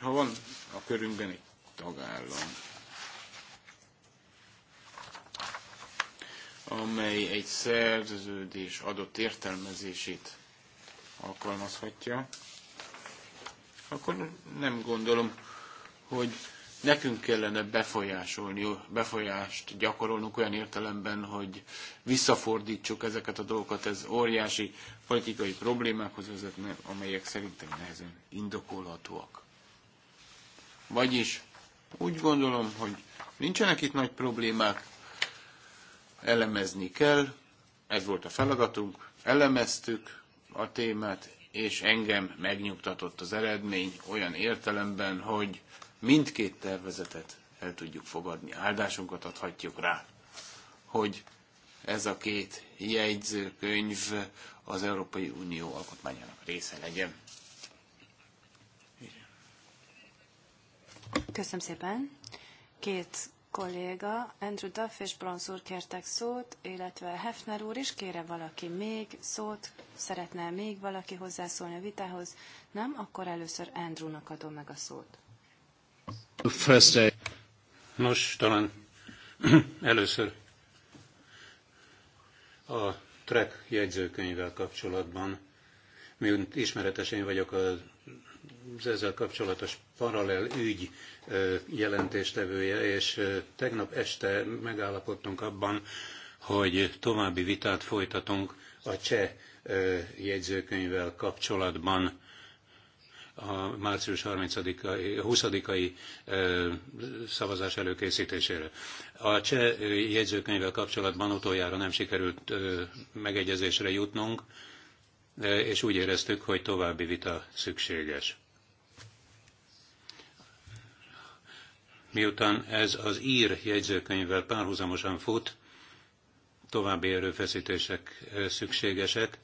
Ha van a körünkben egy tagállam, amely egy szerződés adott értelmezését alkalmazhatja, akkor nem gondolom, hogy nekünk kellene befolyásolni, befolyást gyakorolnunk olyan értelemben, hogy visszafordítsuk ezeket a dolgokat, ez óriási politikai problémákhoz vezetne, amelyek szerintem nehezen indokolhatóak. Vagyis úgy gondolom, hogy nincsenek itt nagy problémák, elemezni kell, ez volt a feladatunk, elemeztük a témát, és engem megnyugtatott az eredmény olyan értelemben, hogy mindkét tervezetet el tudjuk fogadni, áldásunkat adhatjuk rá, hogy ez a két jegyzőkönyv az Európai Unió alkotmányának része legyen. Köszönöm szépen. Két kolléga, Andrew Duff és Bronz úr kértek szót, illetve Hefner úr is. Kére valaki még szót? Szeretne még valaki hozzászólni a vitához? Nem? Akkor először Andrewnak adom meg a szót. First day. Nos, talán először a track jegyzőkönyvvel kapcsolatban mint ismeretes én vagyok az ezzel kapcsolatos paralel ügy jelentéstevője, és tegnap este megállapodtunk abban, hogy további vitát folytatunk a cseh jegyzőkönyvvel kapcsolatban a március 20-ai szavazás előkészítésére. A cseh jegyzőkönyvvel kapcsolatban utoljára nem sikerült megegyezésre jutnunk, és úgy éreztük, hogy további vita szükséges. Miután ez az ír jegyzőkönyvvel párhuzamosan fut, további erőfeszítések szükségesek,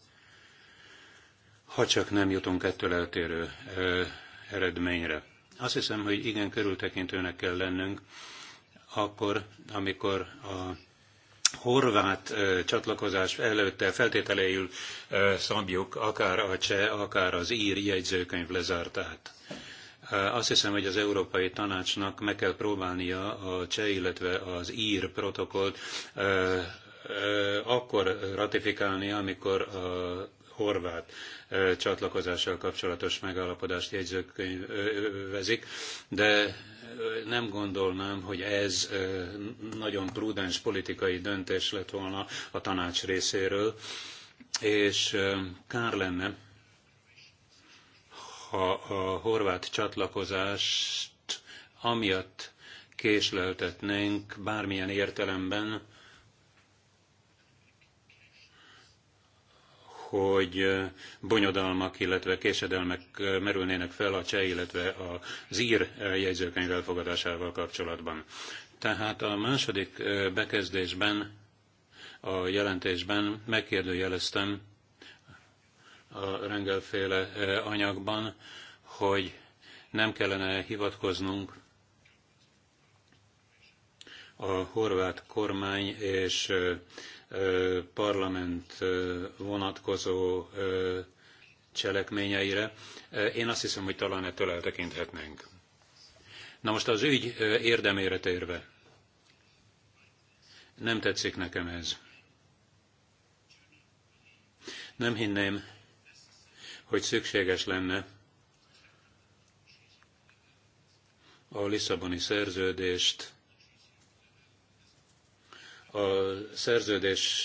ha csak nem jutunk ettől eltérő eredményre. Azt hiszem, hogy igen körültekintőnek kell lennünk, akkor, amikor a horvát csatlakozás előtte feltételeül szabjuk akár a cseh, akár az ír jegyzőkönyv lezártát. Azt hiszem, hogy az Európai Tanácsnak meg kell próbálnia a cseh, illetve az ír protokollt akkor ratifikálni, amikor a horvát csatlakozással kapcsolatos megállapodást jegyzőkönyvezik, de nem gondolnám, hogy ez nagyon prudens politikai döntés lett volna a tanács részéről, és kár lenne, ha a horvát csatlakozást amiatt késleltetnénk bármilyen értelemben, hogy bonyodalmak, illetve késedelmek merülnének fel a cseh, illetve az ír jegyzőkönyv elfogadásával kapcsolatban. Tehát a második bekezdésben, a jelentésben megkérdőjeleztem a rengelféle anyagban, hogy nem kellene hivatkoznunk a horvát kormány és parlament vonatkozó cselekményeire. Én azt hiszem, hogy talán ettől eltekinthetnénk. Na most az ügy érdemére térve. Nem tetszik nekem ez. Nem hinném, hogy szükséges lenne a Lisszaboni szerződést a szerződés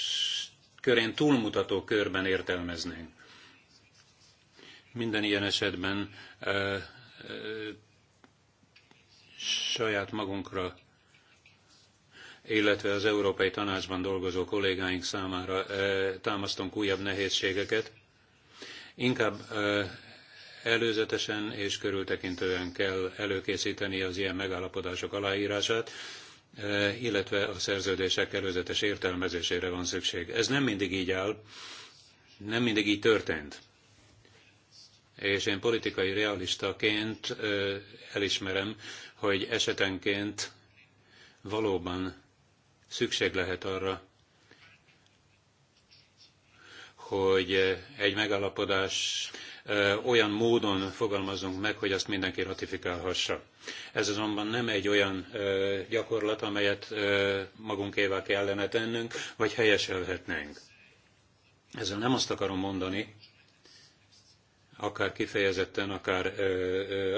körén túlmutató körben értelmeznénk. Minden ilyen esetben e, e, saját magunkra, illetve az Európai Tanácsban dolgozó kollégáink számára e, támasztunk újabb nehézségeket. Inkább e, előzetesen és körültekintően kell előkészíteni az ilyen megállapodások aláírását, E, illetve a szerződések előzetes értelmezésére van szükség. Ez nem mindig így áll, nem mindig így történt. És én politikai realistaként e, elismerem, hogy esetenként valóban szükség lehet arra, hogy egy megállapodás olyan módon fogalmazzunk meg, hogy azt mindenki ratifikálhassa. Ez azonban nem egy olyan gyakorlat, amelyet magunkévá kellene tennünk, vagy helyeselhetnénk. Ezzel nem azt akarom mondani, akár kifejezetten, akár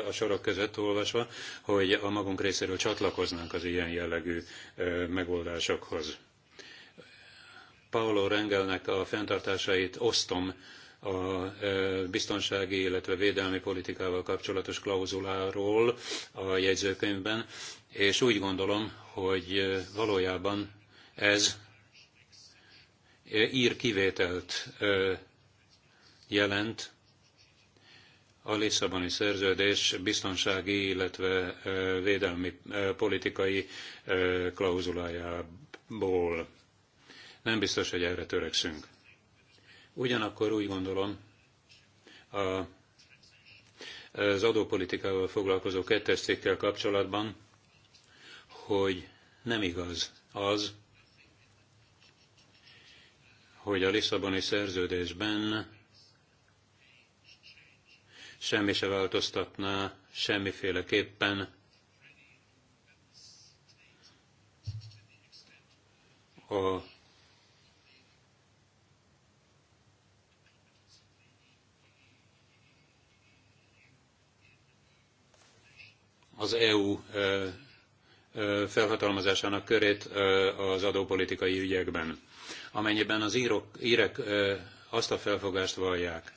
a sorok között olvasva, hogy a magunk részéről csatlakoznánk az ilyen jellegű megoldásokhoz. Paolo Rengelnek a fenntartásait osztom a e, biztonsági, illetve védelmi politikával kapcsolatos klauzuláról a jegyzőkönyvben, és úgy gondolom, hogy e, valójában ez e, ír kivételt jelent a Lisszaboni szerződés biztonsági, illetve védelmi politikai klauzulájából. Nem biztos, hogy erre törekszünk. Ugyanakkor úgy gondolom, a, az adópolitikával foglalkozó kettes cikkel kapcsolatban, hogy nem igaz az, hogy a Lisszaboni szerződésben semmi se változtatná semmiféleképpen a az EU felhatalmazásának körét az adópolitikai ügyekben, amennyiben az írok, írek azt a felfogást vallják,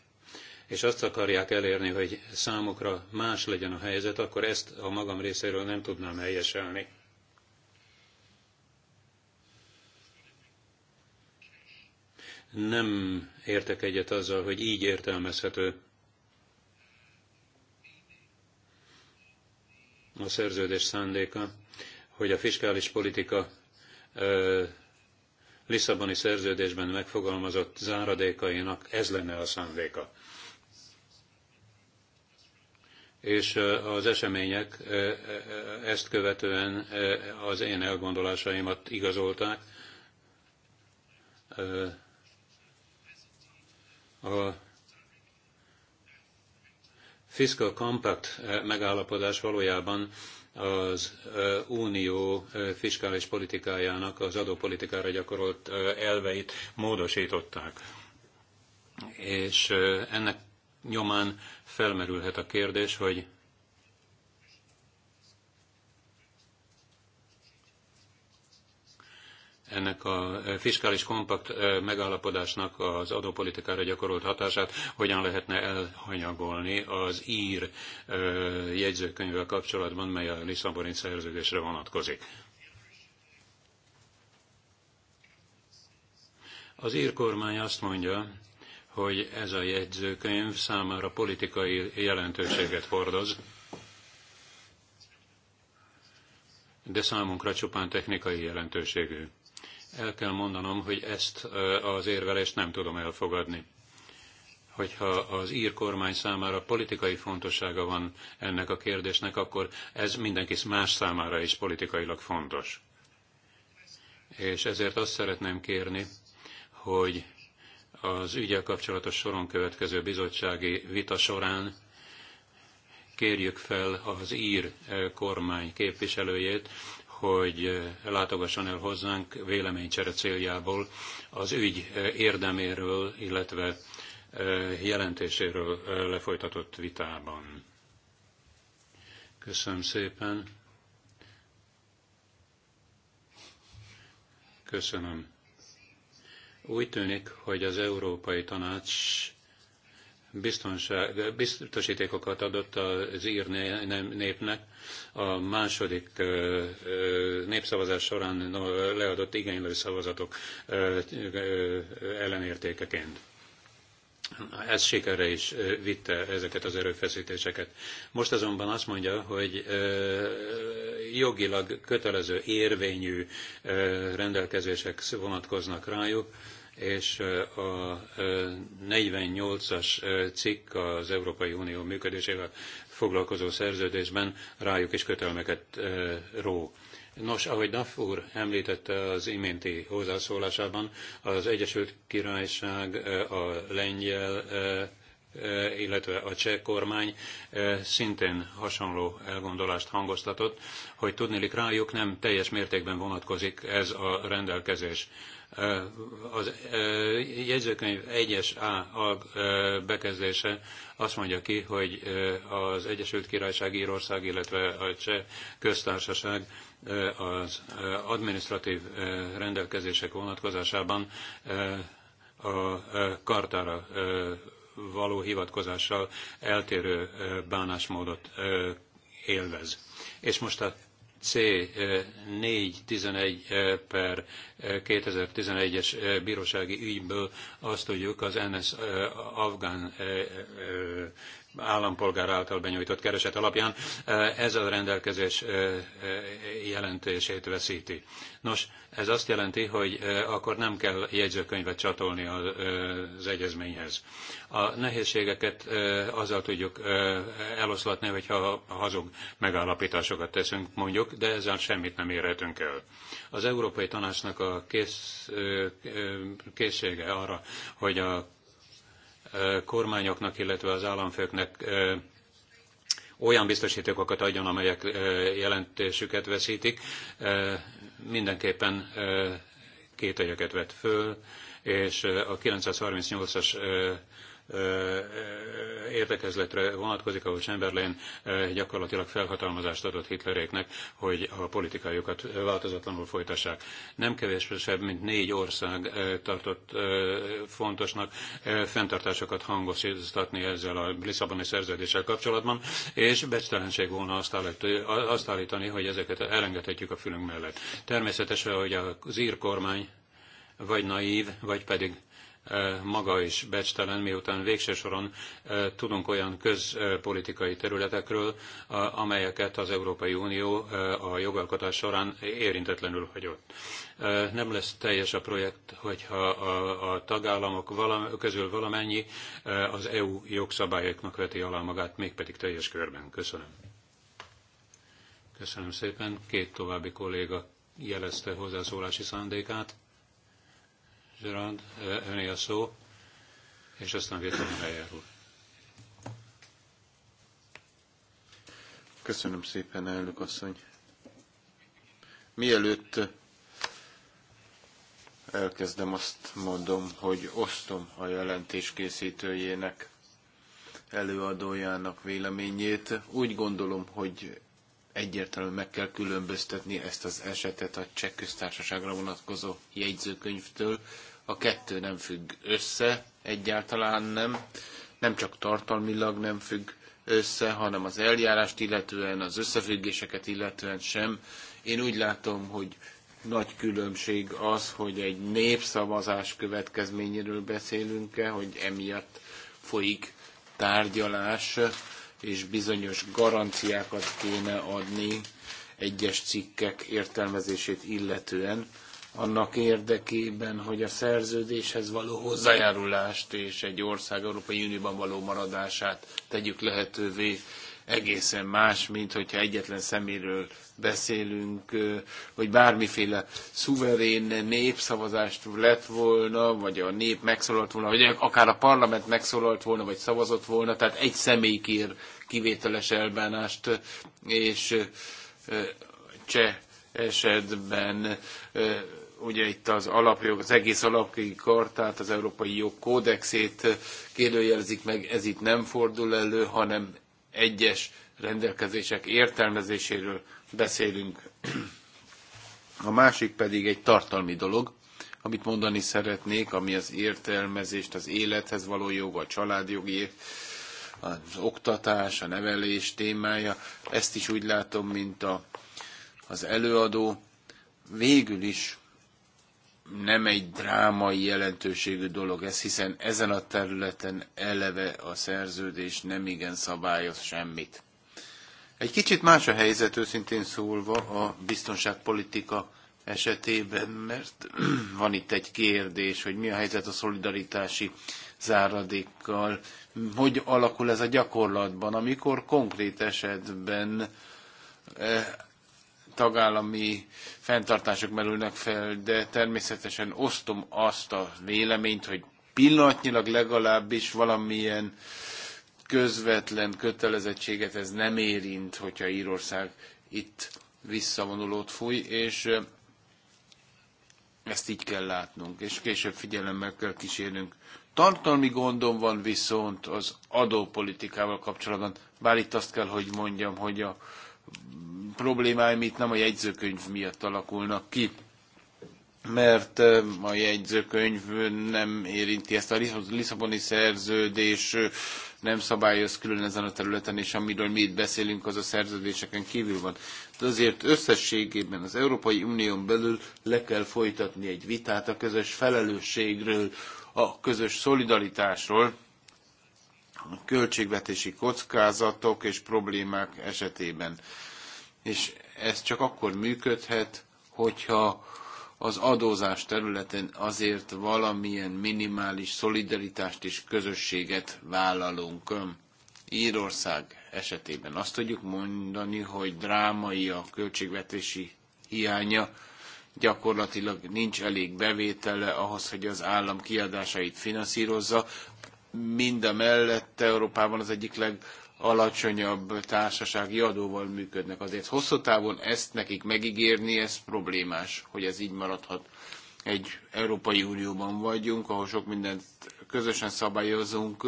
és azt akarják elérni, hogy számukra más legyen a helyzet, akkor ezt a magam részéről nem tudnám helyeselni. Nem értek egyet azzal, hogy így értelmezhető a szerződés szándéka, hogy a fiskális politika Lisszaboni szerződésben megfogalmazott záradékainak ez lenne a szándéka. És az események ezt követően az én elgondolásaimat igazolták. A fiscal compact eh, megállapodás valójában az eh, unió eh, fiskális politikájának az adópolitikára gyakorolt elveit módosították. És ennek nyomán felmerülhet a kérdés, hogy ennek a eh, fiskális kompakt eh, megállapodásnak az adópolitikára gyakorolt hatását hogyan lehetne elhanyagolni az ír eh, jegyzőkönyvvel kapcsolatban, mely a Lisszaboni szerződésre vonatkozik. Az ír kormány azt mondja, hogy ez a jegyzőkönyv számára politikai jelentőséget hordoz, de számunkra csupán technikai jelentőségű. El kell mondanom, hogy ezt az érvelést nem tudom elfogadni. Hogyha az ír kormány számára politikai fontossága van ennek a kérdésnek, akkor ez mindenki más számára is politikailag fontos. És ezért azt szeretném kérni, hogy az ügyel kapcsolatos soron következő bizottsági vita során kérjük fel az ír kormány képviselőjét, hogy eh, látogasson el hozzánk véleménycsere céljából az ügy eh, érdeméről, illetve eh, jelentéséről lefolytatott vitában. Köszönöm szépen. Köszönöm. Úgy tűnik, hogy az Európai Tanács biztonság, biztosítékokat adott az ír népnek. A második népszavazás során leadott igénylő szavazatok ellenértékeként. Ez sikerre is vitte ezeket az erőfeszítéseket. Most azonban azt mondja, hogy jogilag kötelező érvényű rendelkezések vonatkoznak rájuk, és a 48-as cikk az Európai Unió működésével foglalkozó szerződésben rájuk is kötelmeket ró. Nos, ahogy Duff úr említette az iménti hozzászólásában, az Egyesült Királyság, a lengyel, illetve a cseh kormány szintén hasonló elgondolást hangoztatott, hogy tudnélik rájuk nem teljes mértékben vonatkozik ez a rendelkezés az jegyzőkönyv 1-es A, bekezdése azt mondja ki, hogy az Egyesült Királyság Írország, illetve a Cseh köztársaság az administratív rendelkezések vonatkozásában a kartára való hivatkozással eltérő bánásmódot élvez. És most a C411 per 2011-es bírósági ügyből azt tudjuk, az NS afgán állampolgár által benyújtott kereset alapján, eh, ez a rendelkezés eh, eh, jelentését veszíti. Nos, ez azt jelenti, hogy akkor nem kell jegyzőkönyvet csatolni az egyezményhez. A nehézségeket azzal tudjuk eloszlatni, hogyha hazug megállapításokat teszünk, mondjuk, de ezzel semmit nem érhetünk el. Az Európai Tanácsnak a kész, készsége arra, hogy a kormányoknak, illetve az államfőknek olyan biztosítékokat adjon, amelyek jelentésüket veszítik, mindenképpen kételyeket vet föl, és a 938-as értekezletre vonatkozik, ahol Chamberlain gyakorlatilag felhatalmazást adott Hitleréknek, hogy a politikájukat változatlanul folytassák. Nem kevesebb, mint négy ország tartott fontosnak fenntartásokat hangosítani ezzel a Lisszaboni szerződéssel kapcsolatban, és becstelenség volna azt, azt állítani, hogy ezeket elengedhetjük a fülünk mellett. Természetesen, hogy az ír kormány vagy naív, vagy pedig maga is becstelen, miután végső soron tudunk olyan közpolitikai területekről, amelyeket az Európai Unió a jogalkotás során érintetlenül hagyott. Nem lesz teljes a projekt, hogyha a tagállamok közül valamennyi az EU jogszabályoknak veti alá magát, mégpedig teljes körben. Köszönöm. Köszönöm szépen. Két további kolléga jelezte hozzászólási szándékát. Zsirand, öné a szó, és aztán Vietnam Meyer úr. Köszönöm szépen, elnök asszony. Mielőtt elkezdem, azt mondom, hogy osztom a jelentés készítőjének, előadójának véleményét. Úgy gondolom, hogy egyértelműen meg kell különböztetni ezt az esetet a cseh köztársaságra vonatkozó jegyzőkönyvtől, a kettő nem függ össze, egyáltalán nem. Nem csak tartalmilag nem függ össze, hanem az eljárást illetően, az összefüggéseket illetően sem. Én úgy látom, hogy nagy különbség az, hogy egy népszavazás következményéről beszélünk-e, hogy emiatt folyik tárgyalás, és bizonyos garanciákat kéne adni egyes cikkek értelmezését illetően annak érdekében, hogy a szerződéshez való hozzájárulást és egy ország Európai Unióban való maradását tegyük lehetővé egészen más, mint hogyha egyetlen szeméről beszélünk, hogy bármiféle szuverén népszavazást lett volna, vagy a nép megszólalt volna, vagy akár a parlament megszólalt volna, vagy szavazott volna, tehát egy személy kér kivételes elbánást, és cseh esetben ugye itt az alapjog, az egész alapjogi kartát, az európai jog kódexét kérdőjelezik meg, ez itt nem fordul elő, hanem egyes rendelkezések értelmezéséről beszélünk. A másik pedig egy tartalmi dolog, amit mondani szeretnék, ami az értelmezést, az élethez való jog, a családjogi, az oktatás, a nevelés témája. Ezt is úgy látom, mint a, az előadó. Végül is nem egy drámai jelentőségű dolog ez, hiszen ezen a területen eleve a szerződés nem igen szabályoz semmit. Egy kicsit más a helyzet őszintén szólva a biztonságpolitika esetében, mert van itt egy kérdés, hogy mi a helyzet a szolidaritási záradékkal, hogy alakul ez a gyakorlatban, amikor konkrét esetben eh, tagállami fenntartások merülnek fel, de természetesen osztom azt a véleményt, hogy pillanatnyilag legalábbis valamilyen közvetlen kötelezettséget ez nem érint, hogyha Írország itt visszavonulót fúj, és ezt így kell látnunk, és később figyelemmel kell kísérnünk. Tartalmi gondom van viszont az adópolitikával kapcsolatban, bár itt azt kell, hogy mondjam, hogy a problémáim itt nem a jegyzőkönyv miatt alakulnak ki, mert a jegyzőkönyv nem érinti ezt a Lisszaboni szerződés, nem szabályoz külön ezen a területen, és amiről mi itt beszélünk, az a szerződéseken kívül van. De azért összességében az Európai Unión belül le kell folytatni egy vitát a közös felelősségről, a közös szolidaritásról, költségvetési kockázatok és problémák esetében. És ez csak akkor működhet, hogyha az adózás területen azért valamilyen minimális szolidaritást és közösséget vállalunk. Írország esetében azt tudjuk mondani, hogy drámai a költségvetési hiánya, gyakorlatilag nincs elég bevétele ahhoz, hogy az állam kiadásait finanszírozza, mind a mellett Európában az egyik legalacsonyabb társasági adóval működnek. Azért hosszú távon ezt nekik megígérni, ez problémás, hogy ez így maradhat. Egy Európai Unióban vagyunk, ahol sok mindent közösen szabályozunk,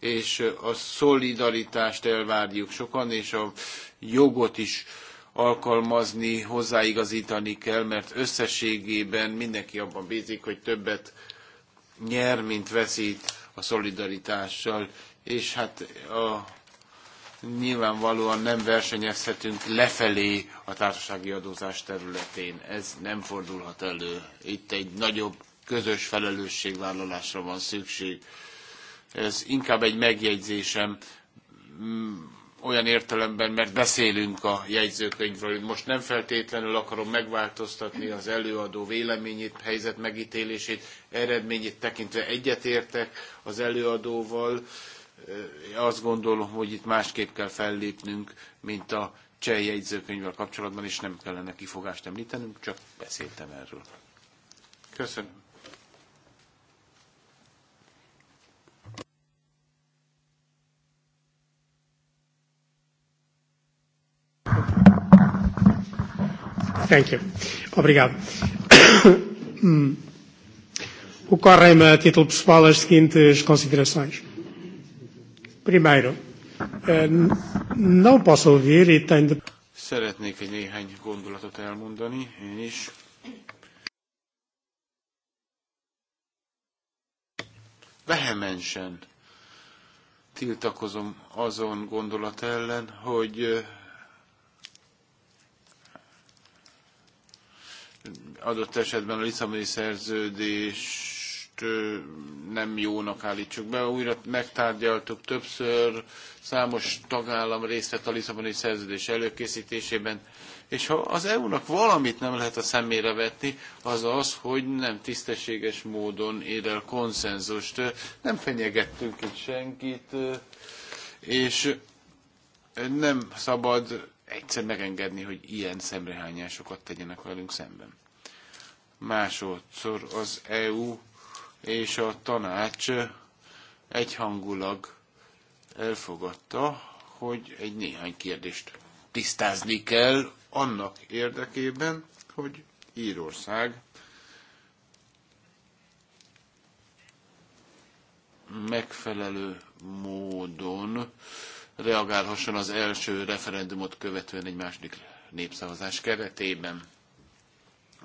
és a szolidaritást elvárjuk sokan, és a jogot is alkalmazni, hozzáigazítani kell, mert összességében mindenki abban bízik, hogy többet nyer, mint veszít a szolidaritással, és hát a, nyilvánvalóan nem versenyezhetünk lefelé a társasági adózás területén. Ez nem fordulhat elő. Itt egy nagyobb közös felelősségvállalásra van szükség. Ez inkább egy megjegyzésem olyan értelemben, mert beszélünk a jegyzőkönyvről. Most nem feltétlenül akarom megváltoztatni az előadó véleményét, helyzet megítélését, eredményét tekintve egyetértek az előadóval. Azt gondolom, hogy itt másképp kell fellépnünk, mint a cseh jegyzőkönyvvel kapcsolatban, és nem kellene kifogást említenünk, csak beszéltem erről. Köszönöm. Thank you. Obrigado. Ocorrem-me, a título pessoal, as seguintes considerações. Primeiro, eh, não posso ouvir e tenho de... Szeretnék egy néhány gondolatot elmondani, én is. Vehemensen tiltakozom azon gondolat ellen, hogy eh, adott esetben a Lisszaboni szerződést nem jónak állítsuk be. Újra megtárgyaltuk többször, számos tagállam részt vett a Lisszaboni szerződés előkészítésében, és ha az EU-nak valamit nem lehet a szemére vetni, az az, hogy nem tisztességes módon ér el konszenzust. Nem fenyegettünk itt senkit, és nem szabad egyszer megengedni, hogy ilyen szemrehányásokat tegyenek velünk szemben másodszor az EU és a tanács egyhangulag elfogadta, hogy egy néhány kérdést tisztázni kell annak érdekében, hogy Írország megfelelő módon reagálhasson az első referendumot követően egy második népszavazás keretében.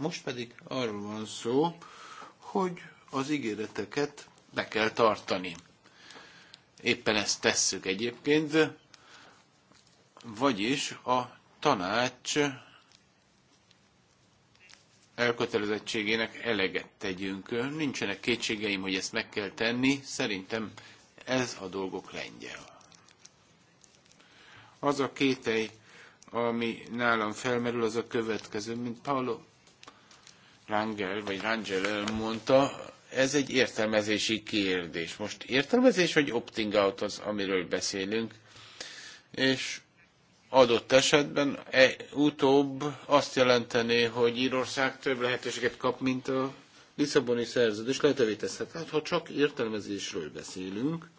Most pedig arról van szó, hogy az ígéreteket be kell tartani. Éppen ezt tesszük egyébként, vagyis a tanács elkötelezettségének eleget tegyünk. Nincsenek kétségeim, hogy ezt meg kell tenni. Szerintem ez a dolgok lengyel. Az a kétely, ami nálam felmerül, az a következő, mint Paolo Rangel vagy Rangel mondta, ez egy értelmezési kérdés. Most értelmezés vagy opting out az, amiről beszélünk, és adott esetben e, utóbb azt jelenteni, hogy Írország több lehetőséget kap, mint a Lisszaboni szerződés lehetővé teszhet. Tehát, ha csak értelmezésről beszélünk,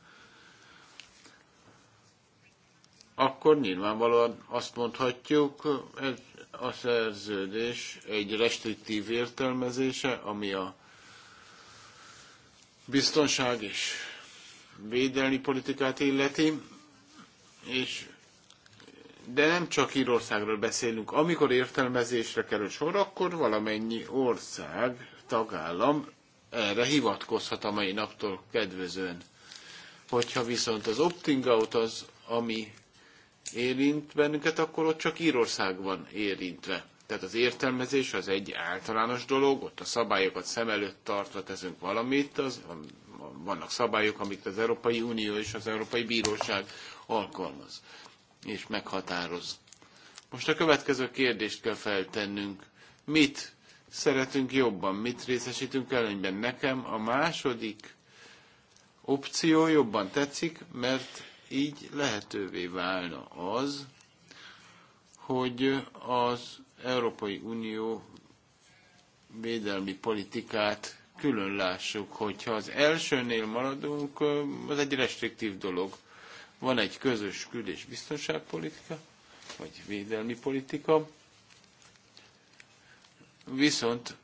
akkor nyilvánvalóan azt mondhatjuk, ez a szerződés egy restriktív értelmezése, ami a biztonság és védelmi politikát illeti, és de nem csak Írországról beszélünk. Amikor értelmezésre kerül sor, akkor valamennyi ország, tagállam erre hivatkozhat a mai naptól kedvezően. Hogyha viszont az opting out az, ami érint bennünket, akkor ott csak Írország van érintve. Tehát az értelmezés az egy általános dolog, ott a szabályokat szem előtt tartva teszünk valamit, az, vannak szabályok, amit az Európai Unió és az Európai Bíróság alkalmaz és meghatároz. Most a következő kérdést kell feltennünk. Mit szeretünk jobban, mit részesítünk előnyben? Nekem a második opció jobban tetszik, mert így lehetővé válna az, hogy az Európai Unió védelmi politikát külön lássuk, hogyha az elsőnél maradunk, az egy restriktív dolog. Van egy közös kül- és biztonságpolitika, vagy védelmi politika, viszont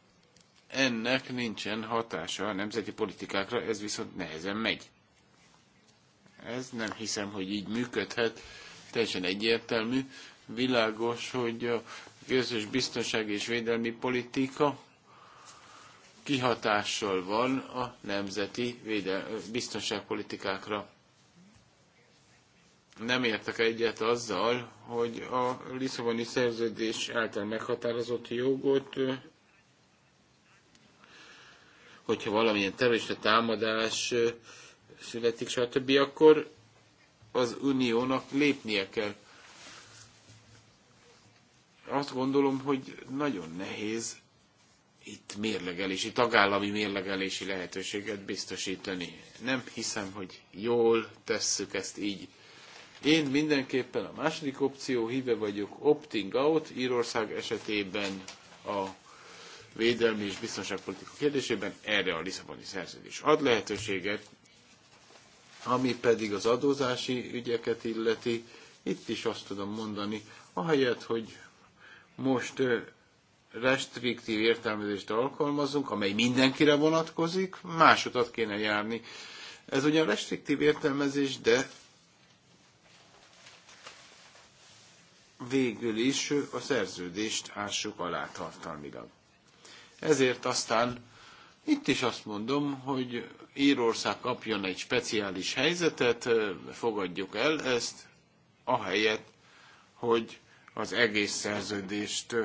ennek nincsen hatása a nemzeti politikákra, ez viszont nehezen megy. Ez nem hiszem, hogy így működhet. Teljesen egyértelmű. Világos, hogy a közös biztonsági és védelmi politika kihatással van a nemzeti védel- biztonságpolitikákra. Nem értek egyet azzal, hogy a Lisszaboni szerződés által meghatározott jogot, hogyha valamilyen terrorista támadás születik, stb., akkor az uniónak lépnie kell. Azt gondolom, hogy nagyon nehéz itt mérlegelési, tagállami mérlegelési lehetőséget biztosítani. Nem hiszem, hogy jól tesszük ezt így. Én mindenképpen a második opció híve vagyok, opting out Írország esetében a védelmi és biztonságpolitika kérdésében erre a Lisszaboni szerződés ad lehetőséget, ami pedig az adózási ügyeket illeti, itt is azt tudom mondani, ahelyett, hogy most restriktív értelmezést alkalmazunk, amely mindenkire vonatkozik, más utat kéne járni. Ez ugyan restriktív értelmezés, de végül is a szerződést ássuk alá tartalmilag. Ezért aztán itt is azt mondom, hogy Írország kapjon egy speciális helyzetet, fogadjuk el ezt, ahelyett, hogy az egész szerződést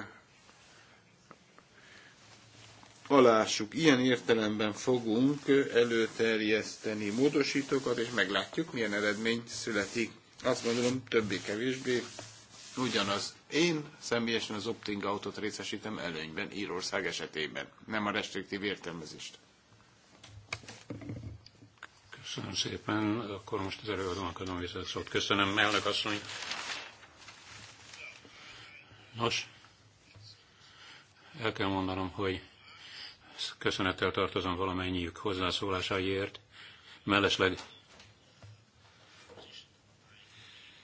alássuk. Ilyen értelemben fogunk előterjeszteni módosítókat, és meglátjuk, milyen eredmény születik. Azt mondom, többé-kevésbé ugyanaz. Én személyesen az opting autot részesítem előnyben Írország esetében, nem a restriktív értelmezést. Köszönöm szépen. Akkor most az előadom adom vissza a szót. Köszönöm, elnök asszony. Nos, el kell mondanom, hogy köszönettel tartozom valamennyiük hozzászólásaiért, mellesleg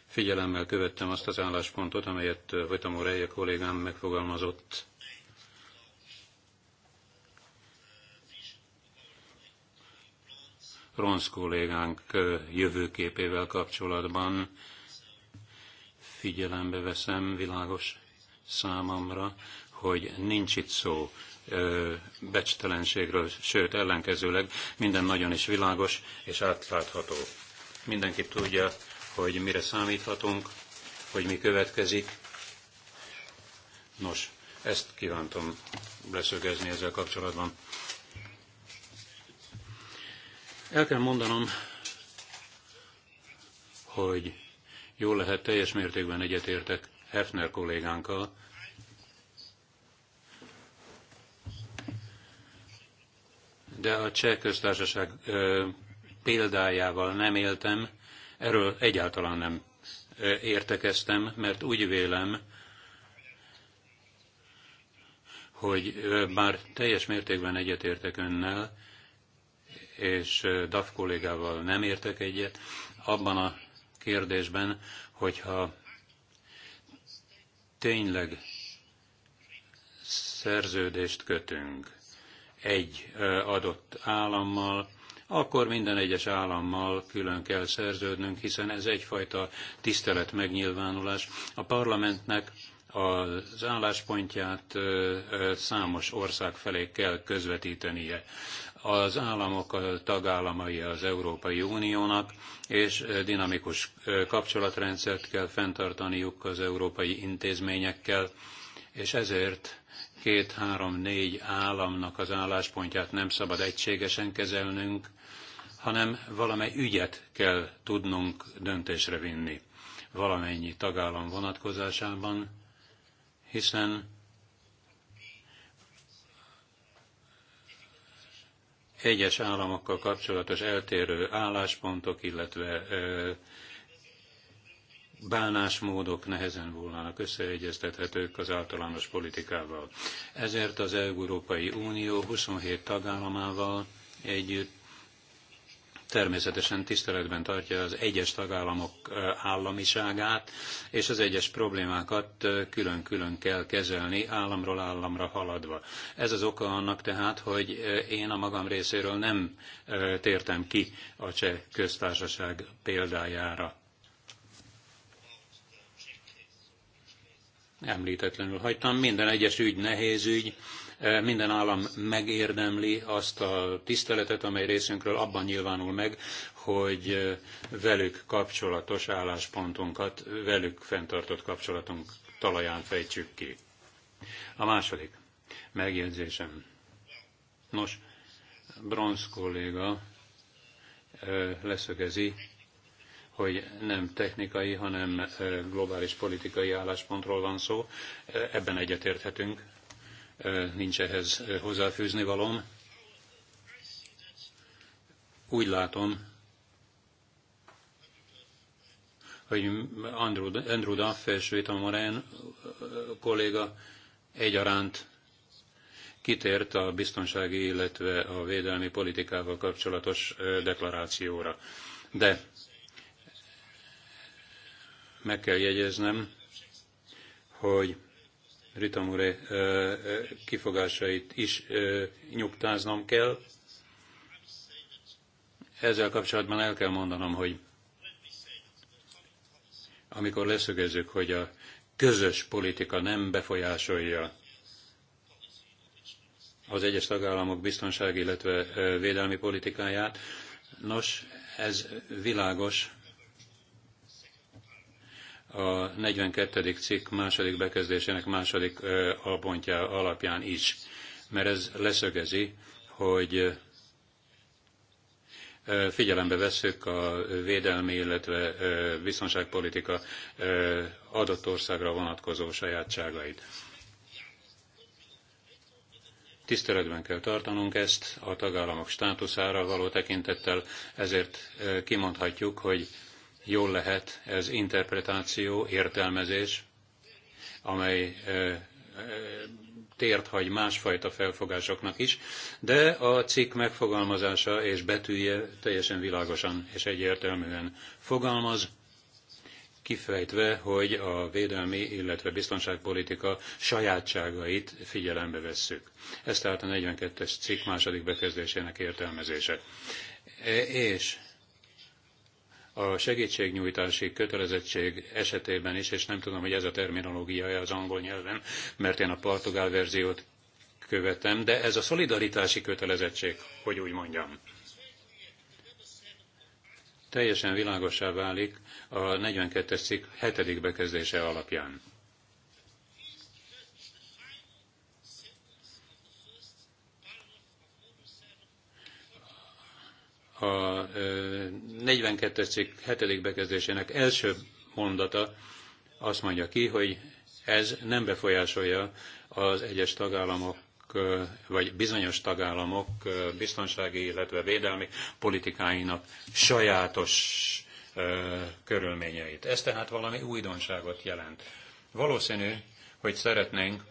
Figyelemmel követtem azt az álláspontot, amelyet Vajtamó Reje kollégám megfogalmazott. Ronsz kollégánk jövőképével kapcsolatban figyelembe veszem, világos számomra, hogy nincs itt szó becstelenségről, sőt ellenkezőleg minden nagyon is világos és átlátható. Mindenki tudja, hogy mire számíthatunk, hogy mi következik. Nos, ezt kívántam leszögezni ezzel kapcsolatban. El kell mondanom, hogy jól lehet teljes mértékben egyetértek Hefner kollégánkkal, de a cseh köztársaság ö, példájával nem éltem, Erről egyáltalán nem értekeztem, mert úgy vélem, hogy bár teljes mértékben egyetértek önnel, és DAF kollégával nem értek egyet, abban a kérdésben, hogyha tényleg szerződést kötünk egy adott állammal, akkor minden egyes állammal külön kell szerződnünk, hiszen ez egyfajta tisztelet megnyilvánulás. A parlamentnek az álláspontját számos ország felé kell közvetítenie. Az államok tagállamai az Európai Uniónak, és dinamikus kapcsolatrendszert kell fenntartaniuk az európai intézményekkel, és ezért két, három, négy államnak az álláspontját nem szabad egységesen kezelnünk, hanem valamely ügyet kell tudnunk döntésre vinni valamennyi tagállam vonatkozásában, hiszen egyes államokkal kapcsolatos eltérő álláspontok, illetve bánásmódok nehezen volnának összeegyeztethetők az általános politikával. Ezért az Európai Unió 27 tagállamával együtt természetesen tiszteletben tartja az egyes tagállamok államiságát, és az egyes problémákat külön-külön kell kezelni, államról államra haladva. Ez az oka annak tehát, hogy én a magam részéről nem tértem ki a cseh köztársaság példájára. Említetlenül hagytam, minden egyes ügy nehéz ügy, minden állam megérdemli azt a tiszteletet, amely részünkről abban nyilvánul meg, hogy velük kapcsolatos álláspontunkat, velük fenntartott kapcsolatunk talaján fejtsük ki. A második megjegyzésem. Nos, Bronz kolléga leszögezi, hogy nem technikai, hanem globális politikai álláspontról van szó. Ebben egyetérthetünk nincs ehhez hozzáfűzni valom. Úgy látom, hogy Andrew, Duff és Vita Morán kolléga egyaránt kitért a biztonsági, illetve a védelmi politikával kapcsolatos deklarációra. De meg kell jegyeznem, hogy Ritamure kifogásait is nyugtáznom kell. Ezzel kapcsolatban el kell mondanom, hogy amikor leszögezzük, hogy a közös politika nem befolyásolja az egyes tagállamok biztonsági illetve védelmi politikáját. Nos, ez világos, a 42. cikk második bekezdésének második alpontja alapján is, mert ez leszögezi, hogy figyelembe vesszük a védelmi, illetve biztonságpolitika adott országra vonatkozó sajátságait. Tiszteletben kell tartanunk ezt a tagállamok státuszára való tekintettel, ezért kimondhatjuk, hogy jól lehet ez interpretáció, értelmezés, amely tért hagy másfajta felfogásoknak is, de a cikk megfogalmazása és betűje teljesen világosan és egyértelműen fogalmaz, kifejtve, hogy a védelmi, illetve biztonságpolitika sajátságait figyelembe vesszük. Ez tehát a 42-es cikk második bekezdésének értelmezése. E, és a segítségnyújtási kötelezettség esetében is, és nem tudom, hogy ez a -e az angol nyelven, mert én a portugál verziót követem, de ez a szolidaritási kötelezettség, hogy úgy mondjam. Teljesen világosá válik a 42-es cikk 7. bekezdése alapján. a 42-es cikk 7. bekezdésének első mondata azt mondja ki, hogy ez nem befolyásolja az egyes tagállamok vagy bizonyos tagállamok biztonsági, illetve védelmi politikáinak sajátos körülményeit. Ez tehát valami újdonságot jelent. Valószínű, hogy szeretnénk,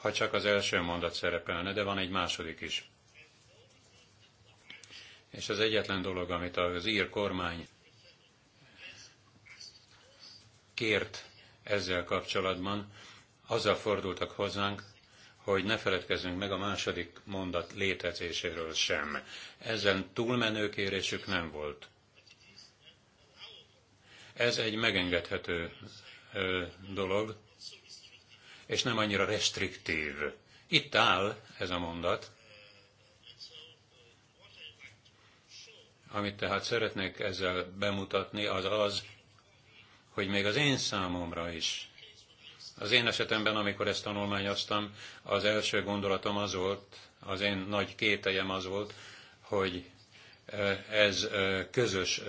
ha csak az első mondat szerepelne, de van egy második is és az egyetlen dolog, amit az ír kormány kért ezzel kapcsolatban, azzal fordultak hozzánk, hogy ne feledkezzünk meg a második mondat létezéséről sem. Ezen túlmenő kérésük nem volt. Ez egy megengedhető ö, dolog, és nem annyira restriktív. Itt áll ez a mondat, Amit tehát szeretnék ezzel bemutatni, az az, hogy még az én számomra is, az én esetemben, amikor ezt tanulmányoztam, az első gondolatom az volt, az én nagy kételjem az volt, hogy ez közös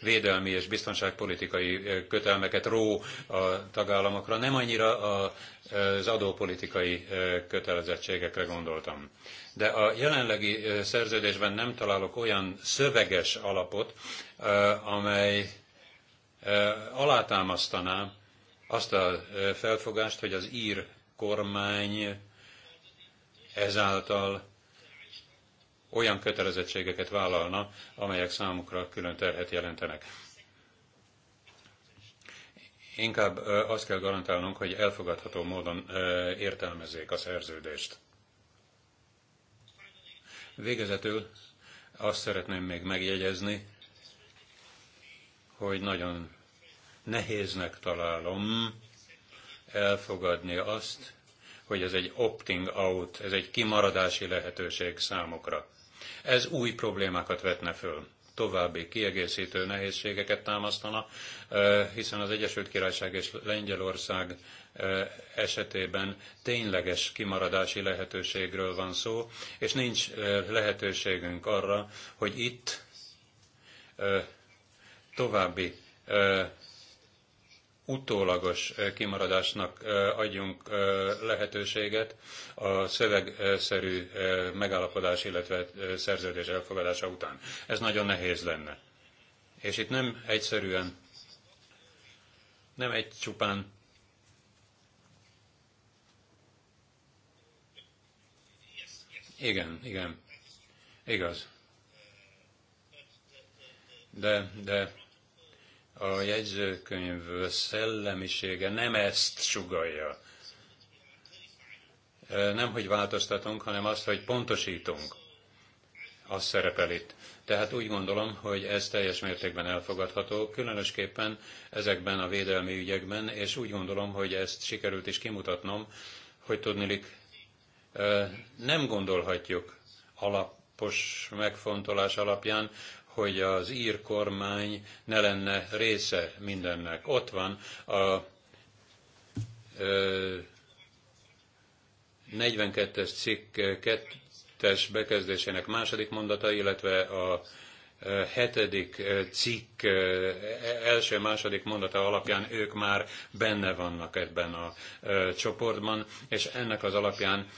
védelmi és biztonságpolitikai kötelmeket ró a tagállamokra, nem annyira a az adópolitikai kötelezettségekre gondoltam. De a jelenlegi szerződésben nem találok olyan szöveges alapot, amely alátámasztaná azt a felfogást, hogy az ír kormány ezáltal olyan kötelezettségeket vállalna, amelyek számukra külön terhet jelentenek. Inkább azt kell garantálnunk, hogy elfogadható módon értelmezzék a szerződést. Végezetül azt szeretném még megjegyezni, hogy nagyon nehéznek találom elfogadni azt, hogy ez egy opting out, ez egy kimaradási lehetőség számukra. Ez új problémákat vetne föl további kiegészítő nehézségeket támasztana, hiszen az Egyesült Királyság és Lengyelország esetében tényleges kimaradási lehetőségről van szó, és nincs lehetőségünk arra, hogy itt további utólagos kimaradásnak adjunk lehetőséget a szövegszerű megállapodás, illetve szerződés elfogadása után. Ez nagyon nehéz lenne. És itt nem egyszerűen, nem egy csupán Igen, igen. Igaz. De, de a jegyzőkönyv szellemisége nem ezt sugalja. Nem, hogy változtatunk, hanem azt, hogy pontosítunk. Az szerepel itt. Tehát úgy gondolom, hogy ez teljes mértékben elfogadható, különösképpen ezekben a védelmi ügyekben, és úgy gondolom, hogy ezt sikerült is kimutatnom, hogy tudnilik nem gondolhatjuk alapos megfontolás alapján, hogy az ír kormány ne lenne része mindennek. Ott van a 42-es cikk 2-es bekezdésének második mondata, illetve a Eh, hetedik eh, cikk eh, első-második mondata alapján ők már benne vannak ebben a csoportban, és ennek az alapján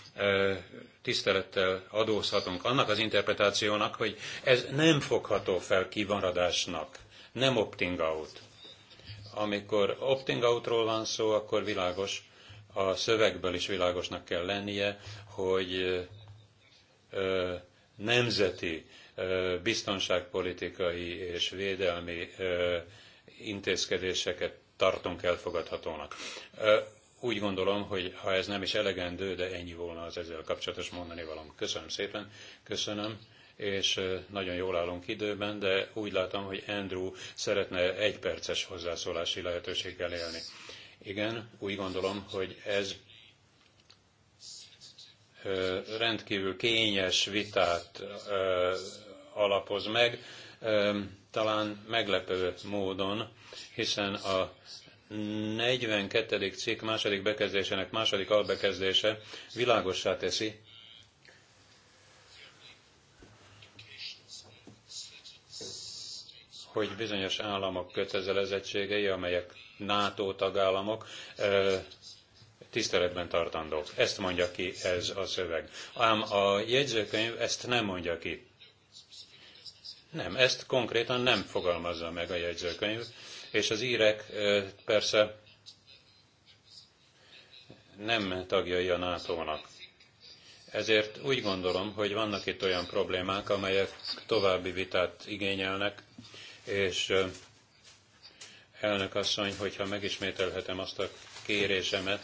tisztelettel adózhatunk annak az interpretációnak, hogy ez nem fogható fel kivaradásnak, nem opting out. Amikor opting outról van szó, akkor világos, a szövegből is világosnak kell lennie, hogy nemzeti biztonságpolitikai és védelmi intézkedéseket tartunk elfogadhatónak. Úgy gondolom, hogy ha ez nem is elegendő, de ennyi volna az ezzel kapcsolatos mondani valam. Köszönöm szépen, köszönöm, és nagyon jól állunk időben, de úgy látom, hogy Andrew szeretne egy perces hozzászólási lehetőséggel élni. Igen, úgy gondolom, hogy ez rendkívül kényes vitát alapoz meg, talán meglepő módon, hiszen a 42. cikk második bekezdésének második albekezdése világossá teszi, hogy bizonyos államok kötelezettségei, amelyek NATO tagállamok, tiszteletben tartandók. Ezt mondja ki ez a szöveg. Ám a jegyzőkönyv ezt nem mondja ki. Nem, ezt konkrétan nem fogalmazza meg a jegyzőkönyv, és az írek persze nem tagjai a NATO-nak. Ezért úgy gondolom, hogy vannak itt olyan problémák, amelyek további vitát igényelnek, és elnök asszony, hogyha megismételhetem azt a kérésemet,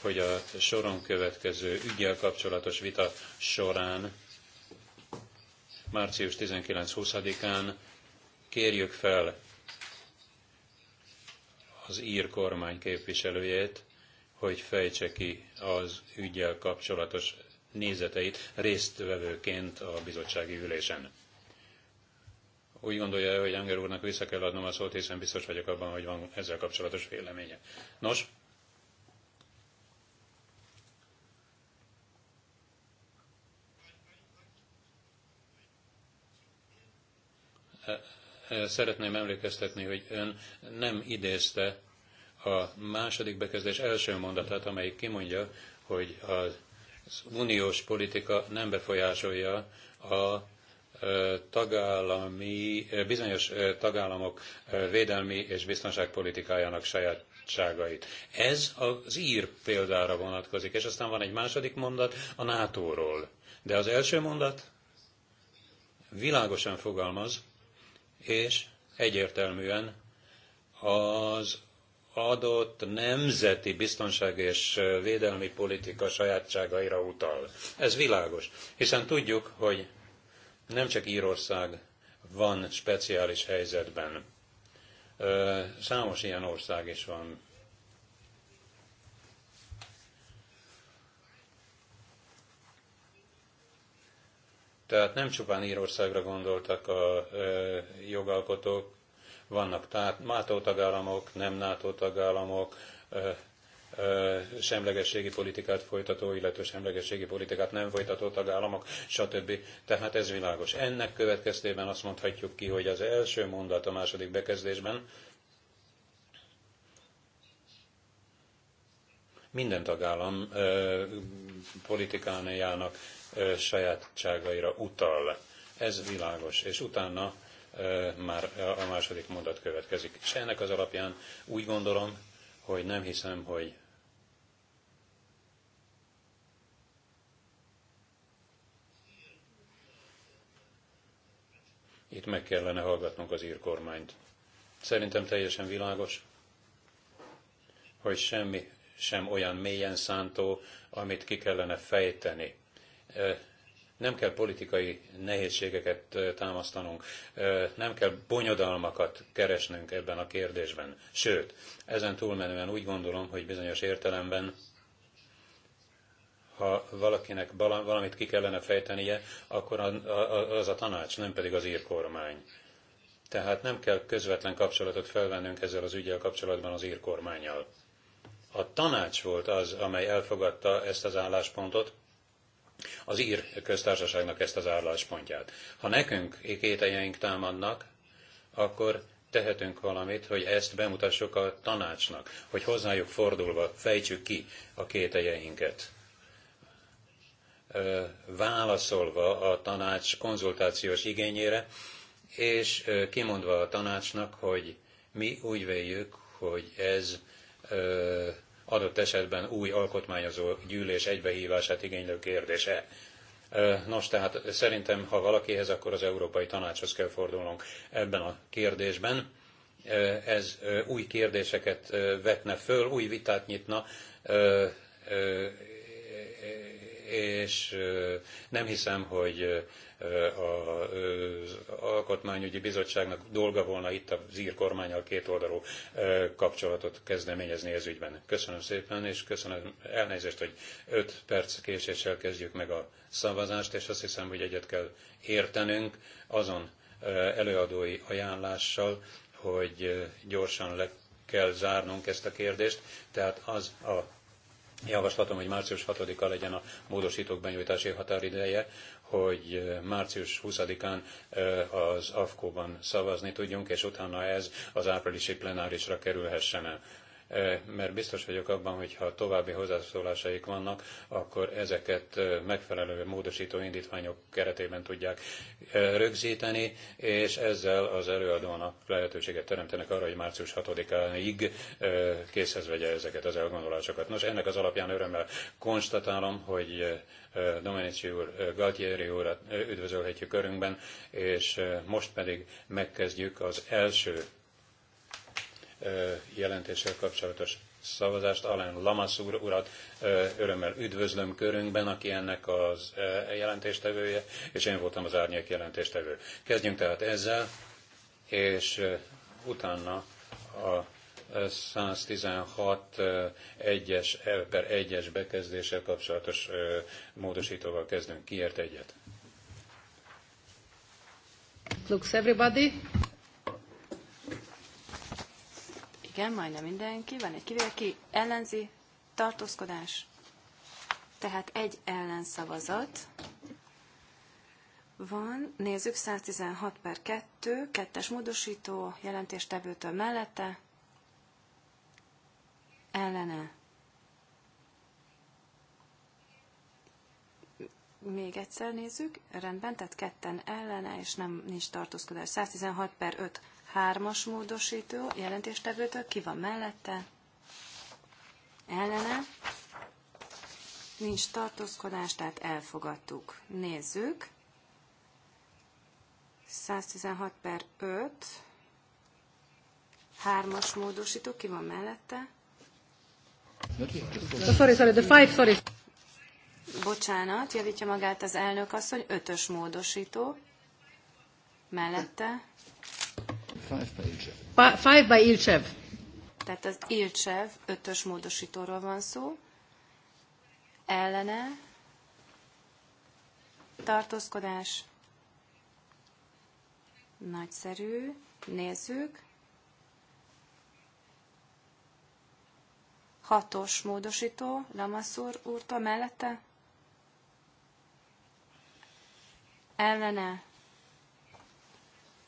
hogy a soron következő ügyel kapcsolatos vita során március 19-20-án kérjük fel az ír kormány képviselőjét, hogy fejtse ki az ügyel kapcsolatos nézeteit résztvevőként a bizottsági ülésen. Úgy gondolja, hogy Anger úrnak vissza kell adnom a szót, hiszen biztos vagyok abban, hogy van ezzel kapcsolatos véleménye. Nos, szeretném emlékeztetni, hogy ön nem idézte a második bekezdés első mondatát, amelyik kimondja, hogy az uniós politika nem befolyásolja a tagállami, bizonyos tagállamok védelmi és biztonságpolitikájának sajátságait. Ez az ír példára vonatkozik, és aztán van egy második mondat a NATO-ról. De az első mondat világosan fogalmaz, és egyértelműen az adott nemzeti biztonság és védelmi politika sajátságaira utal. Ez világos, hiszen tudjuk, hogy nem csak Írország van speciális helyzetben. Számos ilyen ország is van Tehát nem csupán Írországra gondoltak a jogalkotók, vannak tehát NATO tagállamok, nem NATO tagállamok, semlegességi politikát folytató, illetve semlegességi politikát nem folytató tagállamok, stb. Tehát ez világos. Ennek következtében azt mondhatjuk ki, hogy az első mondat a második bekezdésben minden tagállam politikájának sajátságaira utal. Ez világos, és utána már a második mondat következik. És ennek az alapján úgy gondolom, hogy nem hiszem, hogy itt meg kellene hallgatnunk az ír kormányt. Szerintem teljesen világos, hogy semmi sem olyan mélyen szántó, amit ki kellene fejteni nem kell politikai nehézségeket támasztanunk, nem kell bonyodalmakat keresnünk ebben a kérdésben. Sőt, ezen túlmenően úgy gondolom, hogy bizonyos értelemben, ha valakinek valamit ki kellene fejtenie, akkor az a tanács, nem pedig az ír kormány. Tehát nem kell közvetlen kapcsolatot felvennünk ezzel az ügyel kapcsolatban az ír kormányjal. A tanács volt az, amely elfogadta ezt az álláspontot, az ír köztársaságnak ezt az álláspontját. Ha nekünk kételjeink támadnak, akkor tehetünk valamit, hogy ezt bemutassuk a tanácsnak, hogy hozzájuk fordulva fejtsük ki a kételjeinket. Válaszolva a tanács konzultációs igényére, és kimondva a tanácsnak, hogy mi úgy véljük, hogy ez adott esetben új alkotmányozó gyűlés egybehívását igénylő kérdése. Nos, tehát szerintem, ha valakihez, akkor az Európai Tanácshoz kell fordulnunk ebben a kérdésben. Ez új kérdéseket vetne föl, új vitát nyitna, és nem hiszem, hogy az Alkotmányügyi Bizottságnak dolga volna itt az ír kormányal kétoldalú kapcsolatot kezdeményezni ez ügyben. Köszönöm szépen, és köszönöm elnézést, hogy 5 perc késéssel kezdjük meg a szavazást, és azt hiszem, hogy egyet kell értenünk azon előadói ajánlással, hogy gyorsan le kell zárnunk ezt a kérdést, tehát az a javaslatom, hogy március 6-a legyen a módosítók benyújtási határideje, hogy március 20-án az AFKO-ban szavazni tudjunk, és utána ez az áprilisi plenárisra kerülhessen el mert biztos vagyok abban, hogy ha további hozzászólásaik vannak, akkor ezeket megfelelő módosító indítványok keretében tudják rögzíteni, és ezzel az előadónak lehetőséget teremtenek arra, hogy március 6-áig készhez vegye ezeket az elgondolásokat. Nos, ennek az alapján örömmel konstatálom, hogy Domenici úr, Galtieri úrat üdvözölhetjük körünkben, és most pedig megkezdjük az első jelentéssel kapcsolatos szavazást. Alain Lamassz úr urat örömmel üdvözlöm körünkben, aki ennek az jelentéstevője, és én voltam az árnyék jelentéstevő. Kezdjünk tehát ezzel, és utána a 116 egyes per 1-es bekezdéssel kapcsolatos módosítóval kezdünk. ért egyet? Looks everybody. Igen, majdnem mindenki. Van egy Kivéve ki ellenzi, tartózkodás. Tehát egy ellenszavazat van. Nézzük, 116 per 2, kettes módosító, jelentéstevőtől mellette, ellene. Még egyszer nézzük, rendben, tehát ketten ellene, és nem nincs tartózkodás. 116 per 5, 3-as módosító, jelentéstevőtől, ki van mellette, ellene, nincs tartózkodás, tehát elfogadtuk. Nézzük, 116 per 5, 3-as módosító, ki van mellette, Sorry, sorry, the five, sorry. Bocsánat, javítja magát az elnök hogy ötös módosító. Mellette. Five by Ilchev. Five by Ilchev. Tehát az Ilchev ötös módosítóról van szó. Ellene. Tartózkodás. Nagyszerű. Nézzük. Hatos módosító, lamaszur úrta mellette. Ellene.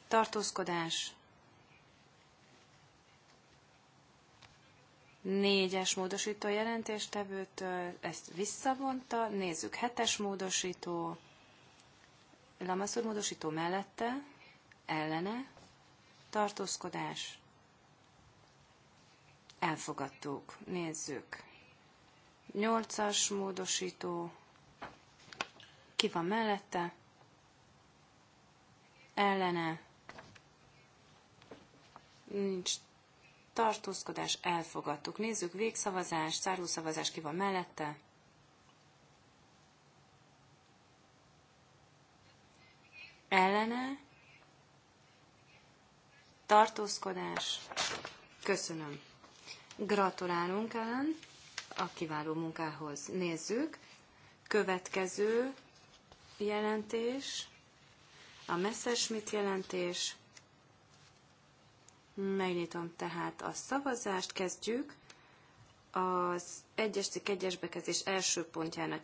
Tartózkodás. Négyes módosító jelentéstevőtől ezt visszavonta. Nézzük, hetes módosító. lamaszur módosító mellette. Ellene. Tartózkodás elfogadtuk. Nézzük. Nyolcas módosító. Ki van mellette? Ellene. Nincs tartózkodás, elfogadtuk. Nézzük végszavazás, szavazás, ki van mellette. Ellene. Tartózkodás. Köszönöm. Gratulálunk Ellen a kiváló munkához. Nézzük. Következő jelentés, a Messerschmitt jelentés. Megnyitom tehát a szavazást, kezdjük. Az egyes cikk egyes bekezdés első pontjának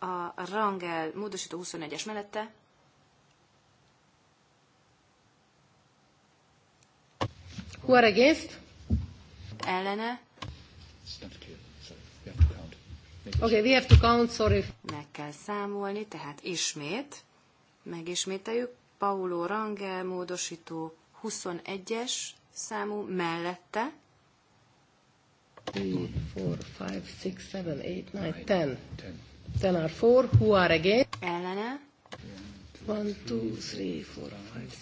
a Rangel módosító 21-es mellette Who are against? ellene. Okay, we have to count, sorry. Meg kell számolni, tehát ismét, megismételjük, Paulo Rangel módosító 21-es számú mellette. 3, 4, 5, 6, 7, 8, 9, 10. 10 are 4, who are again? Ellene. 1, 2, 3, 4,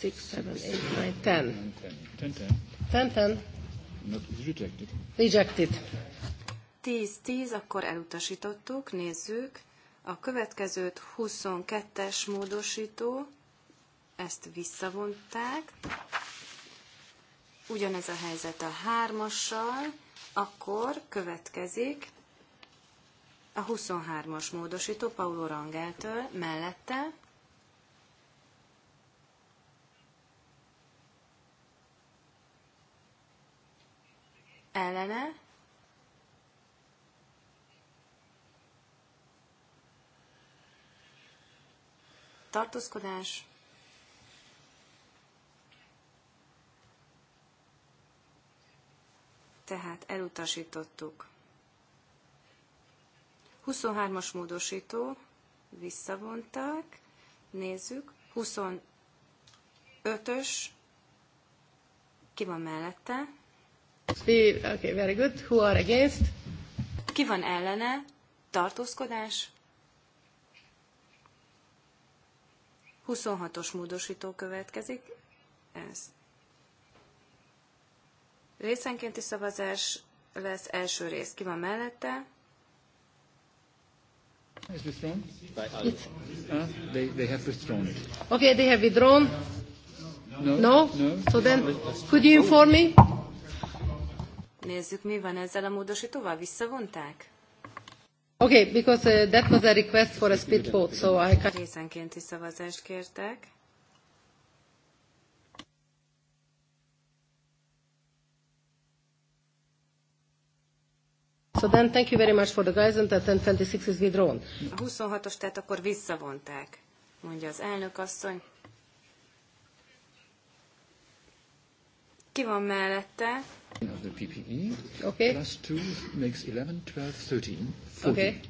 5, 6, 7, 8, 9, 10. 10, 10. 10, 10 rejected. Rejected. 10-10, akkor elutasítottuk, nézzük. A következőt 22-es módosító, ezt visszavonták. Ugyanez a helyzet a hármassal, akkor következik a 23-as módosító Paulo Rangeltől mellette ellene, tartózkodás, tehát elutasítottuk. 23-as módosító, visszavonták, nézzük, 25-ös, ki van mellette, Steve, okay, very good. Who are against? Ki van ellene? Tartózkodás? 26-os módosító következik. Ez részenkénti szavazás lesz első rész. Ki van mellette? It's withdrawn. It's... Uh, ah, they, they have withdrawn. Okay, they have withdrawn. No. no. no. So then, could you inform me? nézzük, mi van ezzel a módosítóval. Visszavonták? Okay, because uh, that was a request for a split vote, so I can... Részenkénti szavazást kértek. So then thank you very much for the guidance that 1026 is withdrawn. A 26-os tehát akkor visszavonták, mondja az elnök asszony. Ki van mellette? Of the PPE. Okay. Plus 2 makes 11, 12, 13, 14. Okay.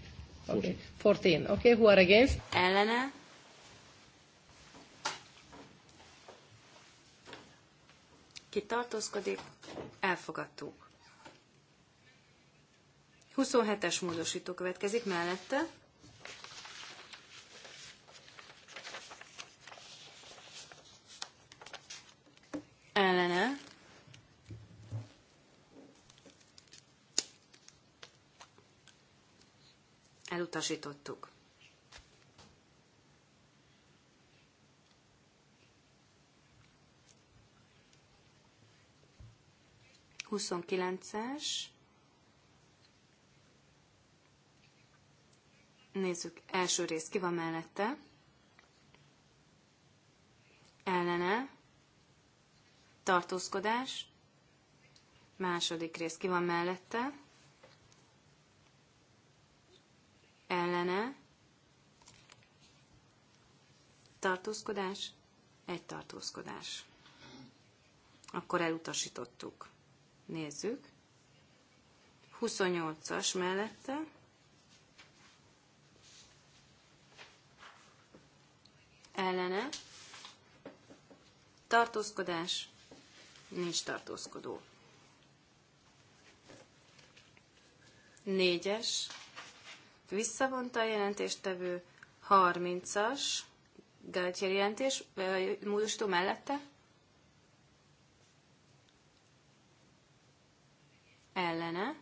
14. Okay. 14. Okay, who are against? Ellene. Ki tartózkodik? Elfogadtuk. 27-es módosító következik mellette. Ellene. elutasítottuk. Huszonkilences. Nézzük, első rész ki van mellette. Ellene. Tartózkodás. Második rész ki van mellette. ellene, tartózkodás, egy tartózkodás. Akkor elutasítottuk. Nézzük. 28-as mellette. Ellene. Tartózkodás. Nincs tartózkodó. Négyes Visszavonta a jelentéstevő 30-as Galtier jelentés, módosító mellette. Ellene.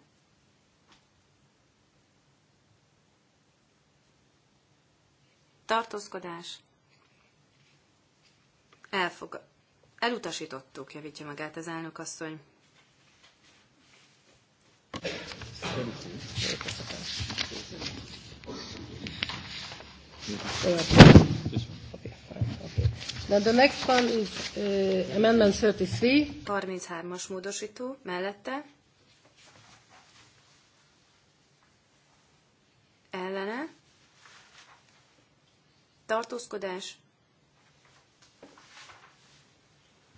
Tartózkodás. Elfog... Elutasítottuk, javítja magát az elnök asszony. Thank you. Now the next one is uh, Amendment 33. 33-as módosító mellette. Ellene. Tartózkodás.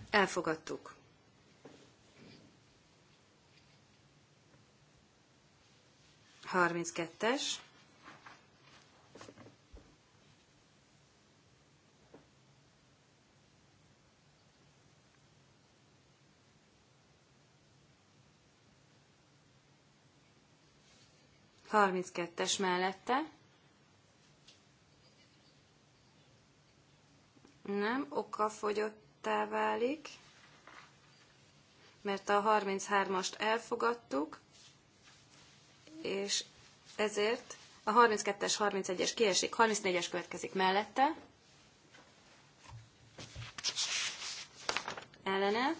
Elfogadtuk. 32-es. Harminckettes mellette. Nem, fogyottá válik, mert a 33-ast elfogadtuk és ezért a 32-es, 31-es kiesik, 34-es következik mellette, ellene,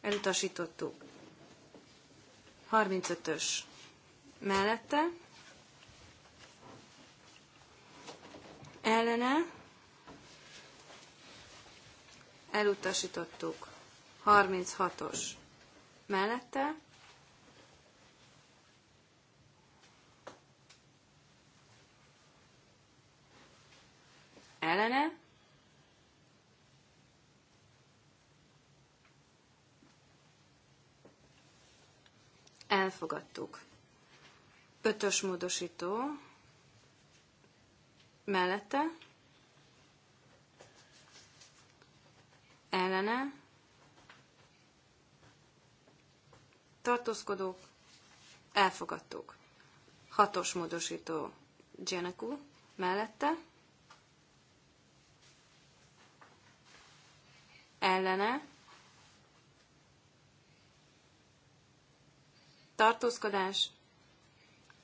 elutasítottuk. 35-ös mellette, ellene, elutasítottuk. 36-os mellette, ellene, elfogadtuk. Ötös módosító mellette, ellene, tartózkodók, elfogadtuk. Hatos módosító Geneku mellette, ellene, tartózkodás,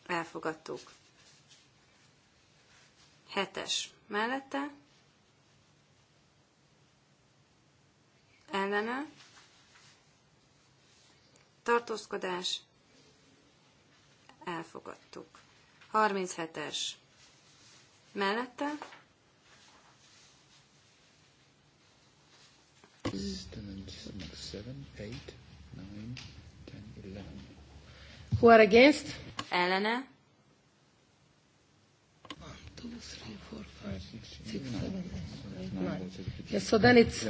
elfogadtuk. Hetes mellette, ellene, tartózkodás, elfogadtuk. 37-es mellette. Who are against? Ellene. 2, 3, 4, 5, 6, 7, 8, 9. So then it's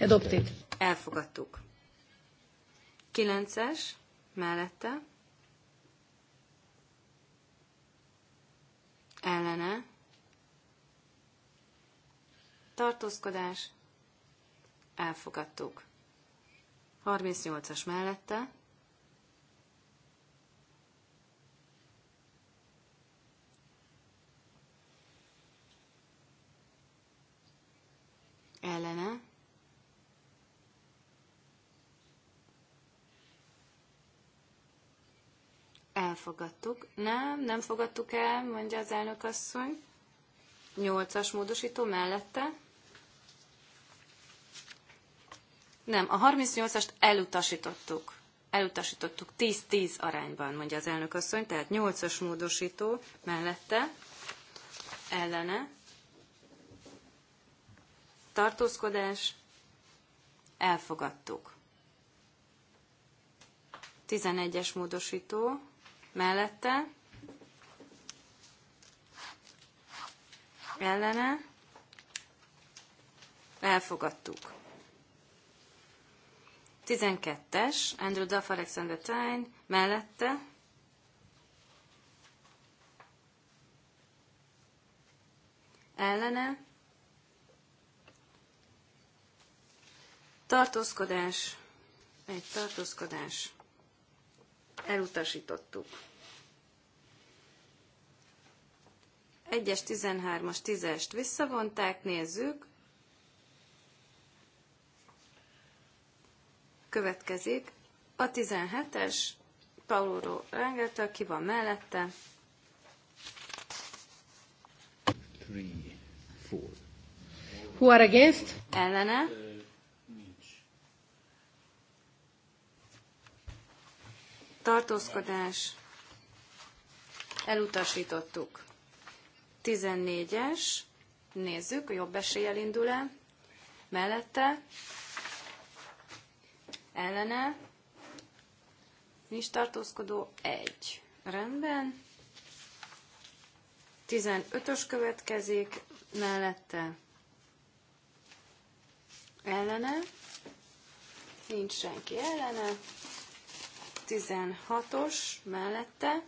adopted. Elfogadtuk. 9-es mellette ellene tartózkodás elfogadtuk. 38-as mellette ellene Elfogadtuk. Nem, nem fogadtuk el, mondja az elnök asszony. Nyolcas módosító mellette. Nem, a 38-ast elutasítottuk. Elutasítottuk 10-10 arányban, mondja az elnök asszony, tehát 8-as módosító mellette, ellene, tartózkodás, elfogadtuk. 11-es módosító mellette, ellene, elfogadtuk. 12-es, Andrew Duff, Alexander Tyne, mellette, ellene, tartózkodás, egy tartózkodás, elutasítottuk. 1-es, 13-as, 10-est visszavonták, nézzük. Következik a 17-es, Paulóró Rengeltől, ki van mellette. 3, 4. Who are against? Ellene tartózkodás, elutasítottuk. 14-es, nézzük, jobb eséllyel indul el, mellette, ellene, nincs tartózkodó, 1. Rendben. 15-ös következik, mellette, ellene, nincs senki ellene, 16-os mellette.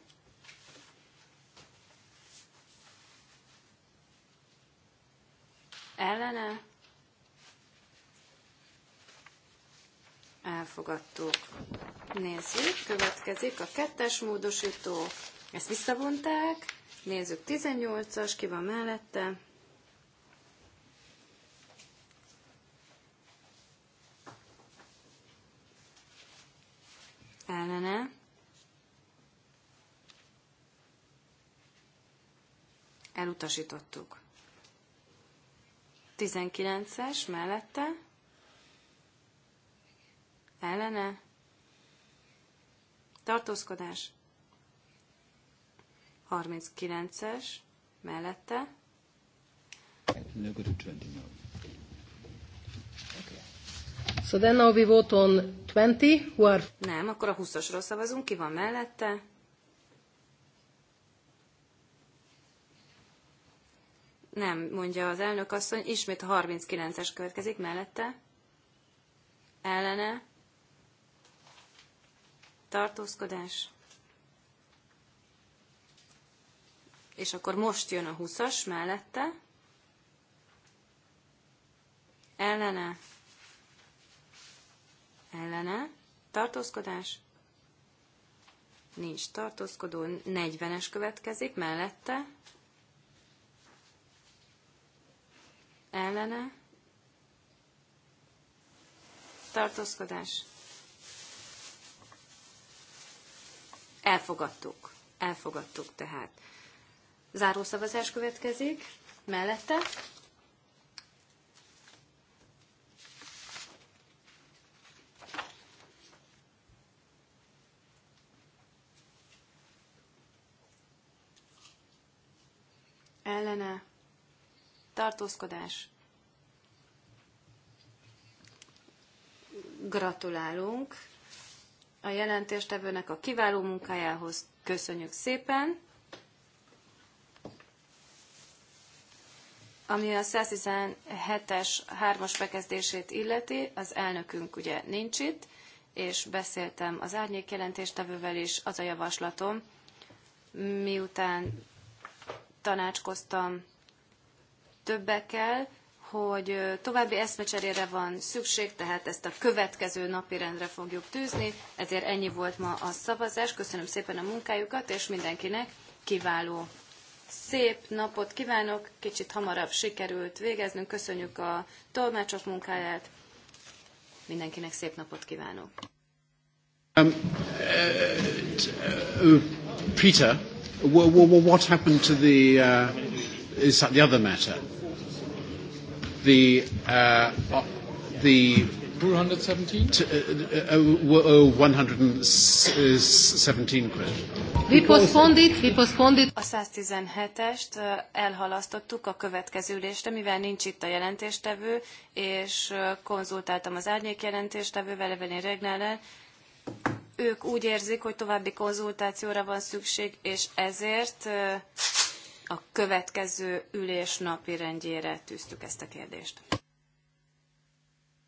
Ellene. Elfogadtuk. Nézzük, következik a kettes módosító. Ezt visszavonták. Nézzük, 18-as, ki van mellette. kellene. Elutasítottuk. 19-es mellette. Ellene. Tartózkodás. 39-es mellette. So then now we vote on 20, who are... Nem, akkor a 20 asról szavazunk, ki van mellette? Nem, mondja az elnök asszony, ismét a 39-es következik mellette. Ellene. Tartózkodás. És akkor most jön a 20-as mellette. Ellene ellene, tartózkodás, nincs tartózkodó, 40-es következik, mellette, ellene, tartózkodás, elfogadtuk, elfogadtuk tehát. Zárószavazás következik, mellette, ellene, tartózkodás. Gratulálunk a jelentéstevőnek a kiváló munkájához. Köszönjük szépen! Ami a 117-es 3-as bekezdését illeti, az elnökünk ugye nincs itt, és beszéltem az árnyék jelentéstevővel is, az a javaslatom, miután tanácskoztam többekkel, hogy további eszmecserére van szükség, tehát ezt a következő napirendre fogjuk tűzni, ezért ennyi volt ma a szavazás. Köszönöm szépen a munkájukat, és mindenkinek kiváló szép napot kívánok, kicsit hamarabb sikerült végeznünk, köszönjük a tolmácsok munkáját, mindenkinek szép napot kívánok. Um, uh, uh, Peter. Well, well, well, what happened to the? Uh, is that the other matter? The uh, uh, the. 117 uh, uh, uh, question. A 117-est elhalasztottuk a következő ülésre, mivel nincs itt a jelentéstevő, és konzultáltam az árnyék jelentéstevővel, Evelyn Regnellel, ők úgy érzik, hogy további konzultációra van szükség, és ezért a következő ülés napi rendjére tűztük ezt a kérdést.